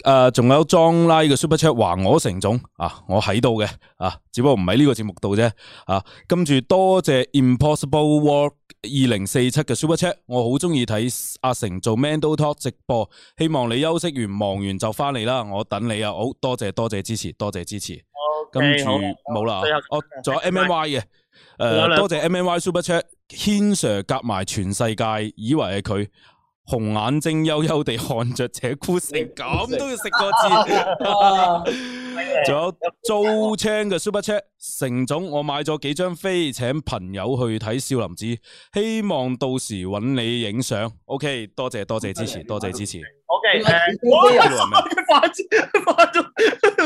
誒、呃，仲有裝拉嘅 Super Chat 話我成總啊，我喺度嘅啊，只不過唔喺呢個節目度啫啊。跟住多謝 Impossible Work 二零四七嘅 Super Chat，我好中意睇阿成做 Mando Talk 直播，希望你休息完忙完就翻嚟啦，我等你啊，好多謝多謝支持，多謝支持。跟住冇啦，我仲、啊、有 M M Y 嘅誒，多謝 M M Y Super Chat，牽 Sir 夾埋全世界，以為係佢。紅眼睛幽幽地看着，這孤城，咁都要食個字，仲、啊、 有租車嘅 super chat，成總，我買咗幾張飛，請朋友去睇少林寺，希望到時揾你影相。OK，多謝多謝支持，多謝支持，多謝支持。OK，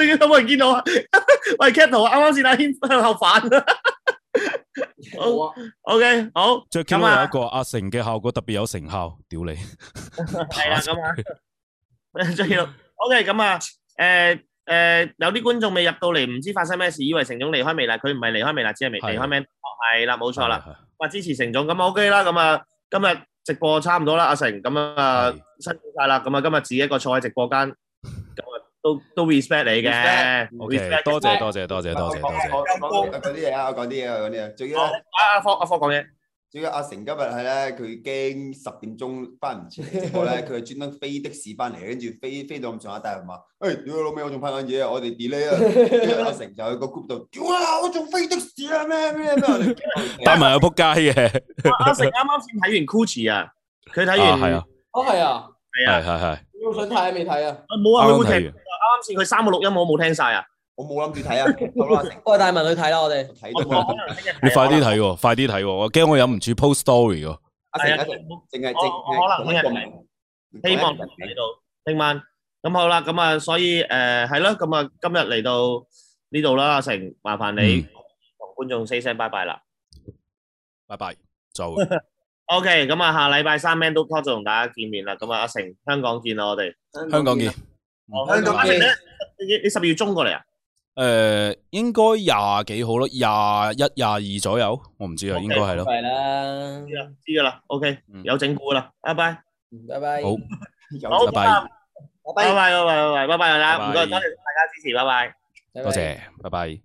你等冇人見到啊？喂，Kato，啱啱先阿軒向後反啊！好，OK，好。最近有一個阿成嘅效果特別有成效，屌你。係啊，咁啊，真係要。OK，咁啊，誒誒，有啲觀眾未入到嚟，唔知發生咩事，以為成總離開未啦。佢唔係離開未啦，只係未離開咩？係啦，冇錯啦。咁啊，支持成總，咁 OK 啦。咁啊，今日直播差唔多啦。阿成，咁啊，辛苦晒啦。咁啊，今日自己一個坐喺直播間。都都 respect 你嘅，OK，多謝多謝多謝多謝多謝。講啲嘢啊，我講啲嘢，啊，啲、啊、嘢。仲要阿阿福阿福、啊、講嘢。仲要阿成今日係咧，佢驚十點鐘翻唔切，之後咧佢係專登飛的士翻嚟，跟住飛飛,飛到咁上下，大。係 話然後，誒、 哎，屌老味，我仲拍緊嘢啊，我哋 delay 啊, 然後 然後 啊。阿成就去個 group 度，屌啊，我仲飛的士啊咩咩咩，打埋佢扑街嘅。阿成啱啱先睇完 Gucci 啊，佢睇完係啊，啊係啊，係啊係係、啊啊啊。你要想睇啊，未睇啊？啊冇啊，佢冇睇。佢三個錄音我冇聽曬啊！我冇諗住睇啊！好啦，我帶埋去睇啦，我哋睇到。你快啲睇喎，快啲睇喎！我驚我忍唔住 post story 喎。阿成，淨係淨係。我可能聽日嚟，希望嚟到聽晚。咁好啦，咁啊，所以誒係咯，咁啊，今日嚟到呢度啦，阿成，麻煩你同觀眾 say 聲 bye bye 啦，bye bye，就 OK。咁啊，下禮拜三 man 都 talk 就同大家見面啦。咁啊，阿成，香港見啦，我哋香港見。香港，你你十二月中過嚟啊？誒，應該廿幾號咯，廿一、廿二左右，我唔知啊，應該係咯。知啦，知噶啦，OK，有整蠱啦，拜拜，拜拜，好，拜拜，拜拜，拜拜，拜拜，拜拜，唔該，多謝大家支持，拜拜，多謝，拜拜。